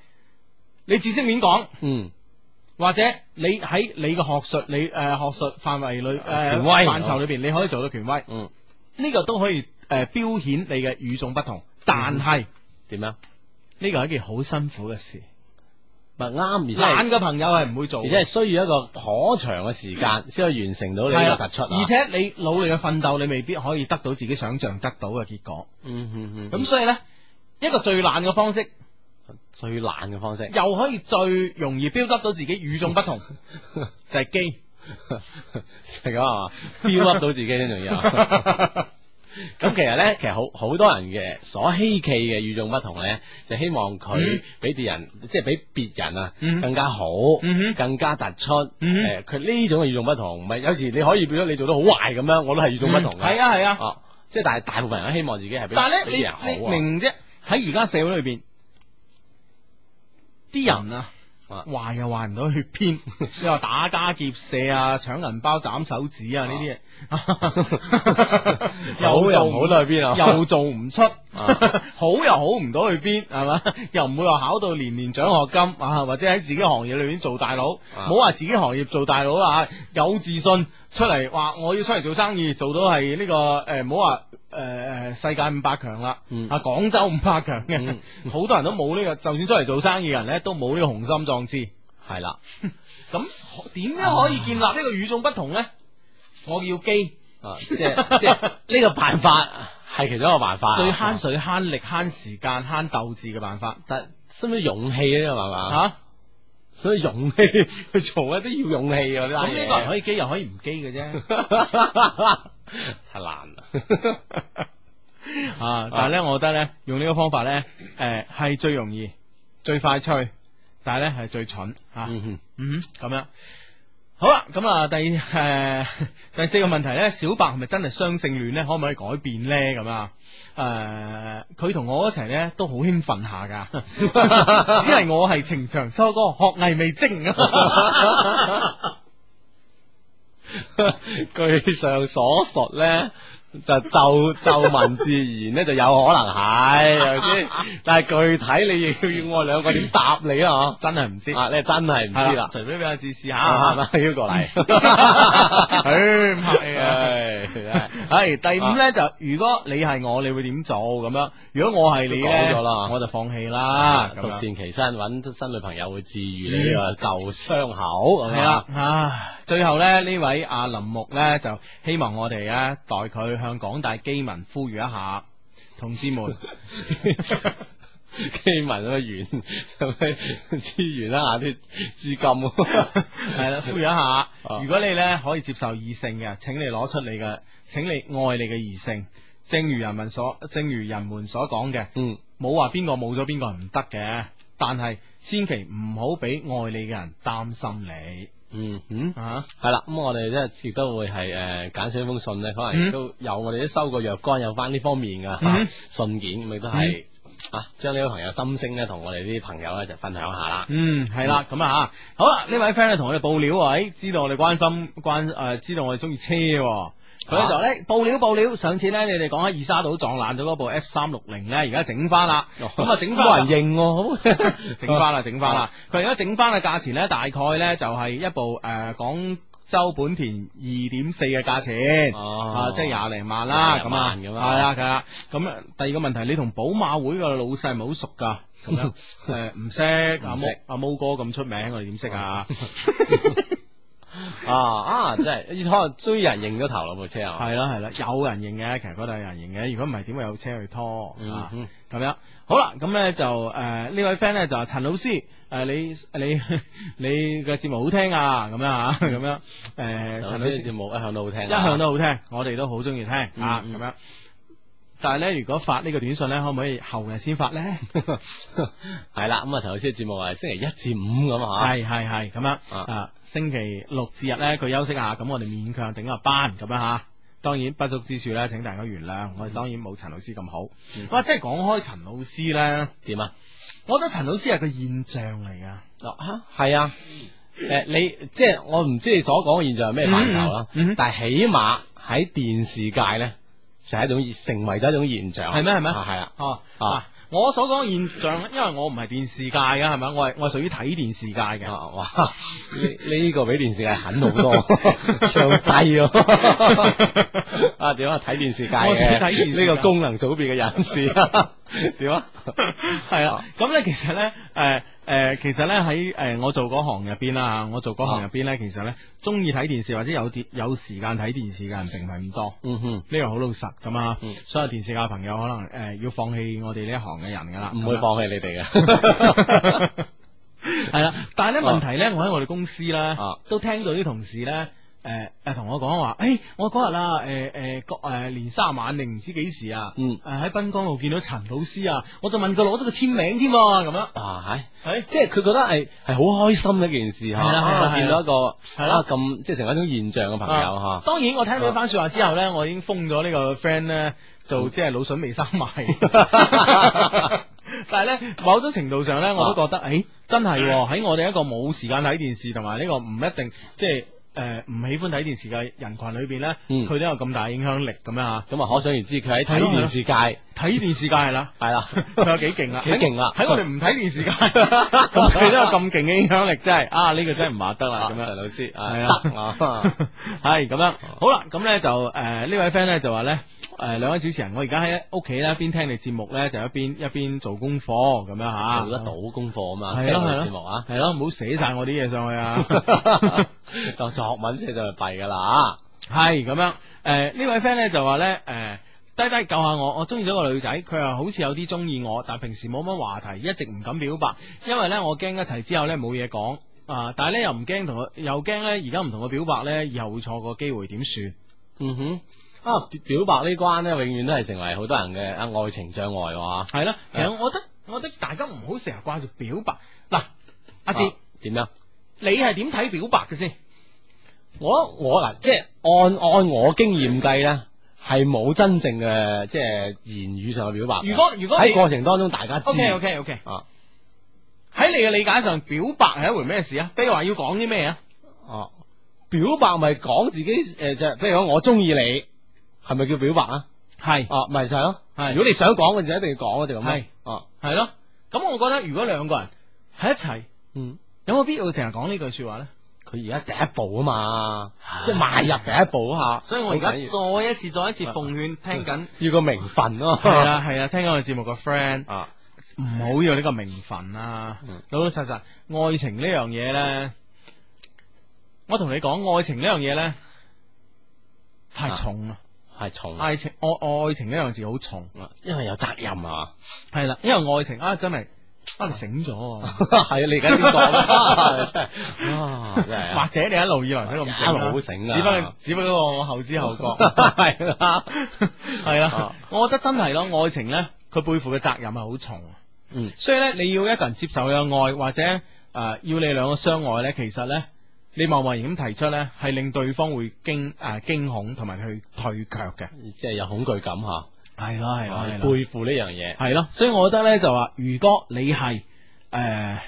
你知識面廣，嗯，或者你喺你嘅學術，你誒學術範圍裏誒範疇裏邊，你可以做到權威，嗯，呢個都可以誒標顯你嘅與眾不同。但係點樣？呢個係一件好辛苦嘅事，唔啱？而懶嘅朋友係唔會做，而且係需要一個頗長嘅時間先可以完成到你呢個突出。而且你努力嘅奮鬥，你未必可以得到自己想像得到嘅結果。嗯嗯咁、嗯、所以呢，一個最懶嘅方式，最懶嘅方式，又可以最容易 build up 到自己與眾不同， <laughs> 就係機，係咁 <laughs> 啊！build up 到自己呢樣嘢？ <laughs> 咁其實咧，其實好好多人嘅所希冀嘅與眾不同咧，就希望佢比啲人，嗯、即係比別人啊，嗯、更加好，嗯、哼更加突出。誒、嗯哼，佢呢、呃、種嘅與眾不同，唔係有時你可以變咗你做得好壞咁樣，我都係與眾不同嘅。係啊係啊，啊即係但係大部分人都希望自己係比，但係呢咧、啊、你，你明啫？喺而家社會裏邊，啲人啊。壞又壞唔到去邊，你話打家劫舍啊、搶銀包、斬手指啊呢啲嘢，又好到去邊啊？ <laughs> 又做唔 <laughs> 出，好又好唔到去邊，係嘛？又唔會話考到年年獎學金啊， <laughs> 或者喺自己行業裏邊做大佬，唔好話自己行業做大佬啊，有自信。出嚟話我要出嚟做生意，做到係呢個誒，唔好話誒誒世界五百強啦，嗯、啊廣州五百強嘅，好、嗯、多人都冇呢個，就算出嚟做生意嘅人咧，都冇呢個雄心壯志，係啦了。咁點樣可以建立呢個與眾不同咧？啊、我要機、啊，即係即係呢個辦法係其中一個辦法，啊，最慳水慳力慳時間慳鬥志嘅辦法，但係使唔使勇氣咧？嘛嘛吓？啊所以勇氣，嘈啊都要勇氣嘅，你咁呢個人可以機，又可以唔機嘅啫。太難啦！啊，但係咧，我覺得咧，用呢個方法咧，誒，係最容易、最快脆，但係咧係最蠢吓。嗯哼嗯，咁樣。好啦，咁啊，第誒、呃、第四個問題咧，小白係咪真係雙性戀咧？可唔可以改變咧？咁、呃、 <laughs> 啊，誒，佢同我一齊咧都好興奮下噶，只係我係情場修哥學藝未精。啊據上所述咧。就就就文自然咧，就有可能係先？但係具體你要要我兩個點答你啊？真係唔知，你真係唔知啦。除非俾我試試下，阿 U 過嚟。唉，係。第五咧就，如果你係我，你會點做咁樣？如果我係你咧，我就放棄啦。獨善其身，揾新女朋友會治愈你呢個舊傷口。係啦，啊，最後咧呢位阿林木咧，就希望我哋咧代佢。向廣大基民呼籲一下，同志們，基 <laughs> <laughs> 民啊，源同啲資源啦，啲資金係啦，呼籲一下，如果你咧可以接受異性嘅，請你攞出你嘅，請你愛你嘅異性，正如人民所，正如人們所講嘅，嗯，冇話邊個冇咗邊個唔得嘅，但係千祈唔好俾愛你嘅人擔心你。嗯嗯吓，係啦、啊，咁我哋即係亦都會係誒揀咗一封信咧，可能亦都有我哋都收過若干有翻呢方面嘅、啊嗯、信件，咁亦都係、嗯、啊將呢位朋友心聲咧同我哋啲朋友咧就分享下啦。嗯，係啦，咁啊，吓，好啦，呢位 friend 咧同我哋報料、哦，誒、哎，知道我哋關心關誒、呃，知道我哋中意車、哦。.佢咧就咧報料報料，上次咧你哋講喺二沙島撞爛咗部 F 三六零咧，而家整翻啦，咁啊整翻人認，好整翻啦整翻啦。佢而家整翻嘅價錢咧，大概咧就係一部誒廣州本田二點四嘅價錢，啊即係廿零萬啦，咁啊係啦係啦。咁第二個問題，你同寶馬會嘅老細係咪好熟噶？咁樣誒唔識，阿毛阿毛哥咁出名，我哋點識啊？啊 <laughs> 啊！真係即係可能追人認咗頭啦，部車 <laughs> 啊，係啦係啦，有人認嘅，其實嗰度有人認嘅。如果唔係，點會有車去拖？嗯，咁、嗯、樣。好啦，咁咧就誒呢、呃、位 friend 咧就話陳老師誒、呃，你你你嘅節目好聽啊！咁樣啊，咁樣誒，陳、呃、先老師節目一向都好聽、啊，一向都好聽，啊、我哋都好中意聽、嗯、啊！咁樣。但係咧，如果發呢個短信咧，可唔可以後日先發咧？係 <laughs> 啦、 <laughs> 嗯，咁陳老師嘅節目係星期一至五咁 <laughs> 啊，係係係咁樣啊，星期六至日咧佢休息下，咁我哋勉強頂下班咁樣吓。當然不足之處咧，請大家原諒，我哋當然冇陳老師咁好。哇，即係講開陳老師咧，點啊？我覺得陳老師係個現象嚟噶，嗱吓，係啊，誒、啊啊呃，你即係我唔知你所講嘅現象係咩範疇啦，嗯嗯嗯、但係起碼喺電視界咧。成一種成為咗一種現象，係咩嗎？係咩？係啊！哦，嗱、啊，啊、我所講現象，因為我唔係電視界嘅，係咪？我係我係屬於睇電視界嘅。哇！呢呢 <laughs> 個比電視界狠好多，上 <laughs> 低咯。 <laughs> 啊，點啊？睇電視界嘅呢個功能組別嘅人士，點 <laughs> 樣 <laughs> 啊？係啊，咁咧其實咧，誒、呃。誒、呃，其實咧喺誒我做嗰行入邊啦，我做嗰行入邊咧，啊、其實咧中意睇電視或者有電有時間睇電視嘅人，並唔係咁多。嗯哼，呢個好老實咁啊。嗯、所以電視界朋友可能誒、呃、要放棄我哋呢一行嘅人噶啦，唔會放棄你哋嘅。係啦， <laughs> <laughs> <laughs> 但係咧問題咧，我喺我哋公司咧都聽到啲同事咧。誒誒，同我講話，誒，我嗰日啊，誒誒，誒，年卅晚定唔知幾時啊？嗯，誒喺濱江路見到陳老師啊，我就問佢攞咗個簽名添咁樣啊，係係，即係佢覺得係係好開心嘅一件事，係啊係啊，見到一個係啦，咁即係成為一種現象嘅朋友吓。當然我聽到呢番說話之後咧，我已經封咗呢個 friend 咧，就即係腦筍未生埋。但係咧，某種程度上咧，我都覺得誒，真係喺我哋一個冇時間睇電視同埋呢個唔一定即係。誒，唔、呃、喜歡睇電視嘅人群裏邊咧，佢、嗯、都有咁大影響力咁、嗯、樣吓。咁啊可想而知佢喺睇電視界。睇電視界係啦，係啦，佢有幾勁啊？幾勁啊！喺我哋唔睇電視界，佢都有咁勁嘅影響力，真係啊！呢個真係唔話得啦。咁樣，陳老師係啊，係咁樣。好啦，咁咧就誒呢位 friend 咧就話咧，誒，兩位主持人，我而家喺屋企啦，邊聽你節目咧，就一邊一邊做功課咁樣吓，做得到功課啊嘛。係節目啊！係咯，唔好寫晒我啲嘢上去，啊！就作文寫就係弊噶啦。係咁樣，誒呢位 friend 咧就話咧，誒。低低救下我，我中意咗個女仔，佢又好似有啲中意我，但係平時冇乜話題，一直唔敢表白，因為呢，我驚一齊之後呢冇嘢講，啊、呃，但係呢又唔驚同佢，又驚呢而家唔同佢表白呢，又錯過機會點算？嗯哼，啊，表白呢關呢永遠都係成為好多人嘅愛情障礙，係、啊、嘛？係啦的，嗯、其實我覺得，我覺得大家唔好成日掛住表白。嗱、啊，阿杰點樣？你係點睇表白嘅先？我我嗱，即係按按我經驗計呢。係冇真正嘅即係言語上嘅表白如。如果如果喺過程當中大家知，OK OK, okay. 啊。喺你嘅理解上，表白係一回咩事啊？比如話要講啲咩啊？哦，表白咪講自己誒，即係比如講我中意你，係咪叫表白是啊？係、就是，哦是，咪就係咯。係，如果你想講嘅就一定要講，就咁。係是，哦、啊，係咯。咁我覺得如果兩個人喺一齊，嗯，有冇必要成日講呢句說話咧？佢而家第一步啊嘛，啊即係邁入第一步吓，所以我而家再一次再一次奉勸聽緊，要個名分咯，係啊係啊，聽緊我嘅節目個 friend 啊，唔好要呢個名分啊，老老實實，愛情呢樣嘢咧，嗯、我同你講，愛情呢樣嘢咧，太重啊，太重愛，愛情愛愛情呢樣字好重啊，因為有責任啊嘛，係啦、啊，因為愛情啊真係。啊，嚟醒咗，係啊！你而家點講真係， <laughs> 啊、 <laughs> 或者你一路以來都咁醒，好醒。啊？只不過只不過我後知後覺，係 <laughs> 啦、啊，係啦、啊。啊、我覺得真係咯，愛情咧，佢背負嘅責任係好重。嗯，所以咧，你要一個人接受嘅愛，或者誒要你兩個相愛咧，其實咧，你貿貿然咁提出咧，係令對方會驚誒驚恐同埋去退卻嘅，即係有恐懼感吓。係咯，係咯，係背負呢樣嘢，係咯，所以我覺得咧就話，如果你係誒、呃、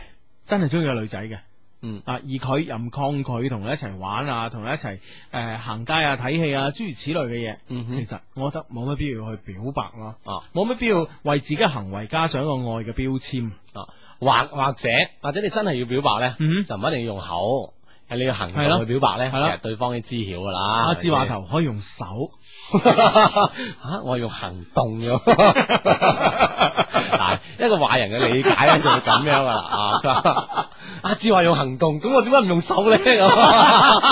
真係中意個女仔嘅，嗯啊，而佢又唔抗拒同你一齊玩啊，同你一齊誒、呃、行街啊、睇戲啊，諸如此類嘅嘢，嗯哼，其實我覺得冇乜必要去表白咯，啊，冇乜、啊、必要為自己行為加上一個愛嘅標籤啊，或或者或者你真係要表白咧，嗯哼，就唔一定要用口。係你嘅行動去表白咧，係咯的？其實對方已經知曉噶啦。阿志話頭可以用手，吓、 <laughs> 啊、我用行動咁。嗱 <laughs> <laughs> 一個壞人嘅理解就係咁樣啦。阿志話用行動，咁我點解唔用手咧？咁 <laughs> <laughs> 啊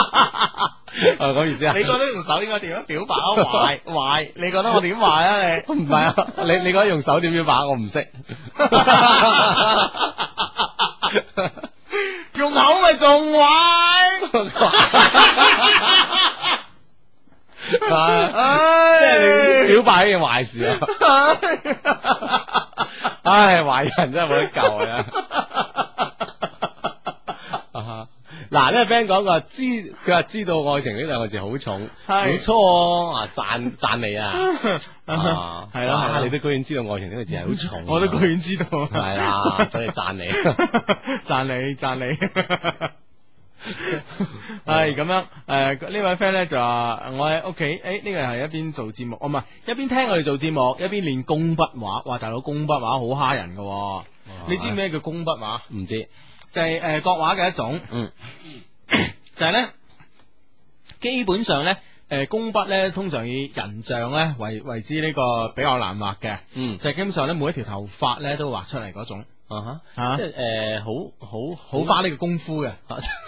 講意思啊，你 <laughs> 啊你？你覺得用手應該點樣表白啊？壞壞，你覺得我點壞啊？你唔係，你你覺得用手點樣表白？我唔識。 <laughs> <laughs> 用口咪仲壞，唉，即係 <laughs> 表白係呢件壞事啊！唉、 <laughs> 哎，壞人真係冇得救啊！ <laughs> 嗱，呢位 friend 講過知，佢話知道愛情呢兩個字好重，係，冇錯，啊，讚讚你啊，係咯係咯，你都居然知道愛情呢個字係好重，我都居然知道，係啦，所以讚你，讚你讚你，係咁樣，誒呢位 friend 咧就話我喺屋企，誒呢個係一邊做節目，哦，唔係一邊聽我哋做節目，一邊練工筆畫，哇，大佬工筆畫好蝦人噶，你知咩叫工筆畫？唔知。就係、是、誒、呃、國畫嘅一種，嗯， <coughs> 就係、是、咧，基本上咧，誒工筆咧通常以人像咧為為之呢個比較難畫嘅，嗯，就係基本上咧每一條頭髮咧都畫出嚟嗰種。啊吓，即係誒，好好好花呢個功夫嘅，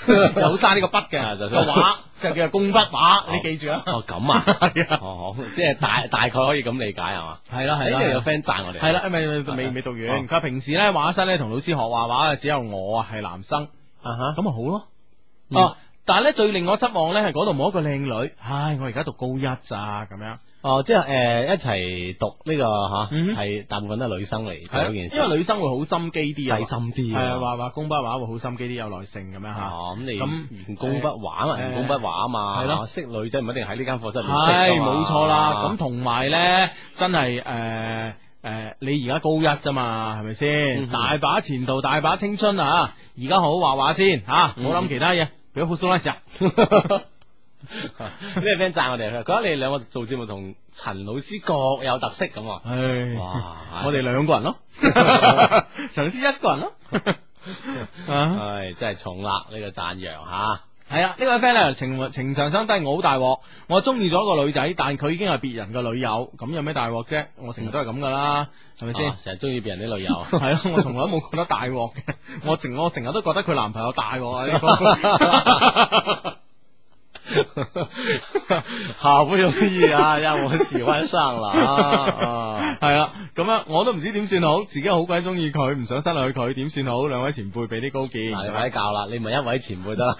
又好揸呢個筆嘅，個畫就叫做工筆畫，你記住啊！哦，咁啊，係啊，哦即係大大概可以咁理解係嘛？係啦係啦，有 friend 讚我哋，係啦，未未未讀完。佢平時咧畫室咧同老師學畫畫，只有我係男生。啊吓，咁咪好咯。但係咧，最令我失望咧，係嗰度冇一個靚女。唉，我而家讀高一咋咁樣？哦，即係誒，一齊讀呢個吓，係大部分都係女生嚟。係因為女生會好心機啲，細心啲。係畫畫工筆畫會好心機啲，有耐性咁樣吓。哦，咁你咁工筆畫啊，工筆畫啊嘛。係咯，識女仔唔一定喺呢間課室。係，冇錯啦。咁同埋咧，真係誒誒，你而家高一咋嘛？係咪先？大把前途，大把青春啊！而家好好畫畫先吓，唔好諗其他嘢。好蘇拉咋？咩 friend 讚我哋？佢話覺得你哋兩個做節目同陳老師各有特色咁。唉，哇！哎、我哋兩個人咯，陳老師一個人咯。唉、 <laughs> 哎，真係重啦呢個讚揚吓。係啊，呢位 friend 咧情情，情上相低我好大鑊，我中意咗一個女仔，但佢已經係別人嘅女友，咁有咩大鑊啫？我成日都係咁噶啦，係咪先？成日中意別人啲女友，係啊， <laughs> 我從來都冇覺得大鑊嘅，我成我成日都覺得佢男朋友大鑊啊！你講。 <laughs> <laughs> 哈，好不容易啊，又我時運生啦，係啊，咁啊， <laughs> 啊樣，我都唔知點算好，自己好鬼中意佢，唔想失去佢，點算好？兩位前輩俾啲高見，係咪教啦？你咪一位前輩得啦，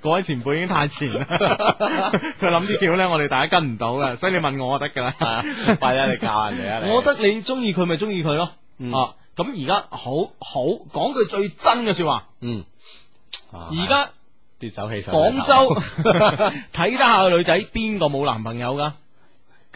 嗰 <laughs> <laughs> 位前輩已經太前啦，佢諗啲嘢咧，我哋大家跟唔到嘅，所以你問我，我，你我得噶啦，係、嗯、啊，快啲你教下你啊！我覺得你中意佢咪中意佢咯，哦，咁而家好好講句最真嘅說話，嗯，而家。跌走氣晒，廣州睇 <laughs> 得下女個女仔邊個冇男朋友噶，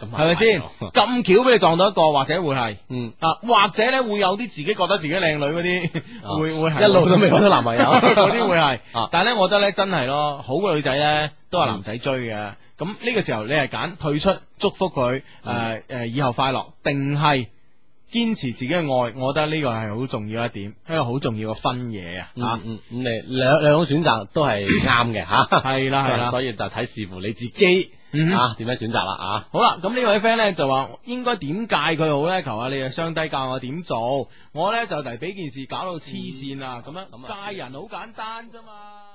係咪先咁巧俾你撞到一個，或者會係，嗯啊，或者咧會有啲自己覺得自己靚女嗰啲，會會係、啊、一路都未搵到男朋友，嗰啲 <laughs> 會係，啊、但係咧我覺得咧真係咯，好嘅女仔咧都係男仔追嘅，咁呢、嗯、個時候你係揀退出祝福佢，誒、呃、誒以後快樂，定係？堅持自己嘅愛，我覺得呢個係好重要一點，一個好重要嘅分野啊。嗯嗯，咁你兩兩種選擇都係啱嘅吓，係啦係啦，所以就睇視乎你自己、嗯、哼啊點樣選擇啦啊。好啦，咁呢位 friend 呢就話應該點戒佢好呢？求下你嘅雙低教我點做，我呢就嚟俾件事搞到黐線啦咁樣。戒樣樣人好簡單啫嘛。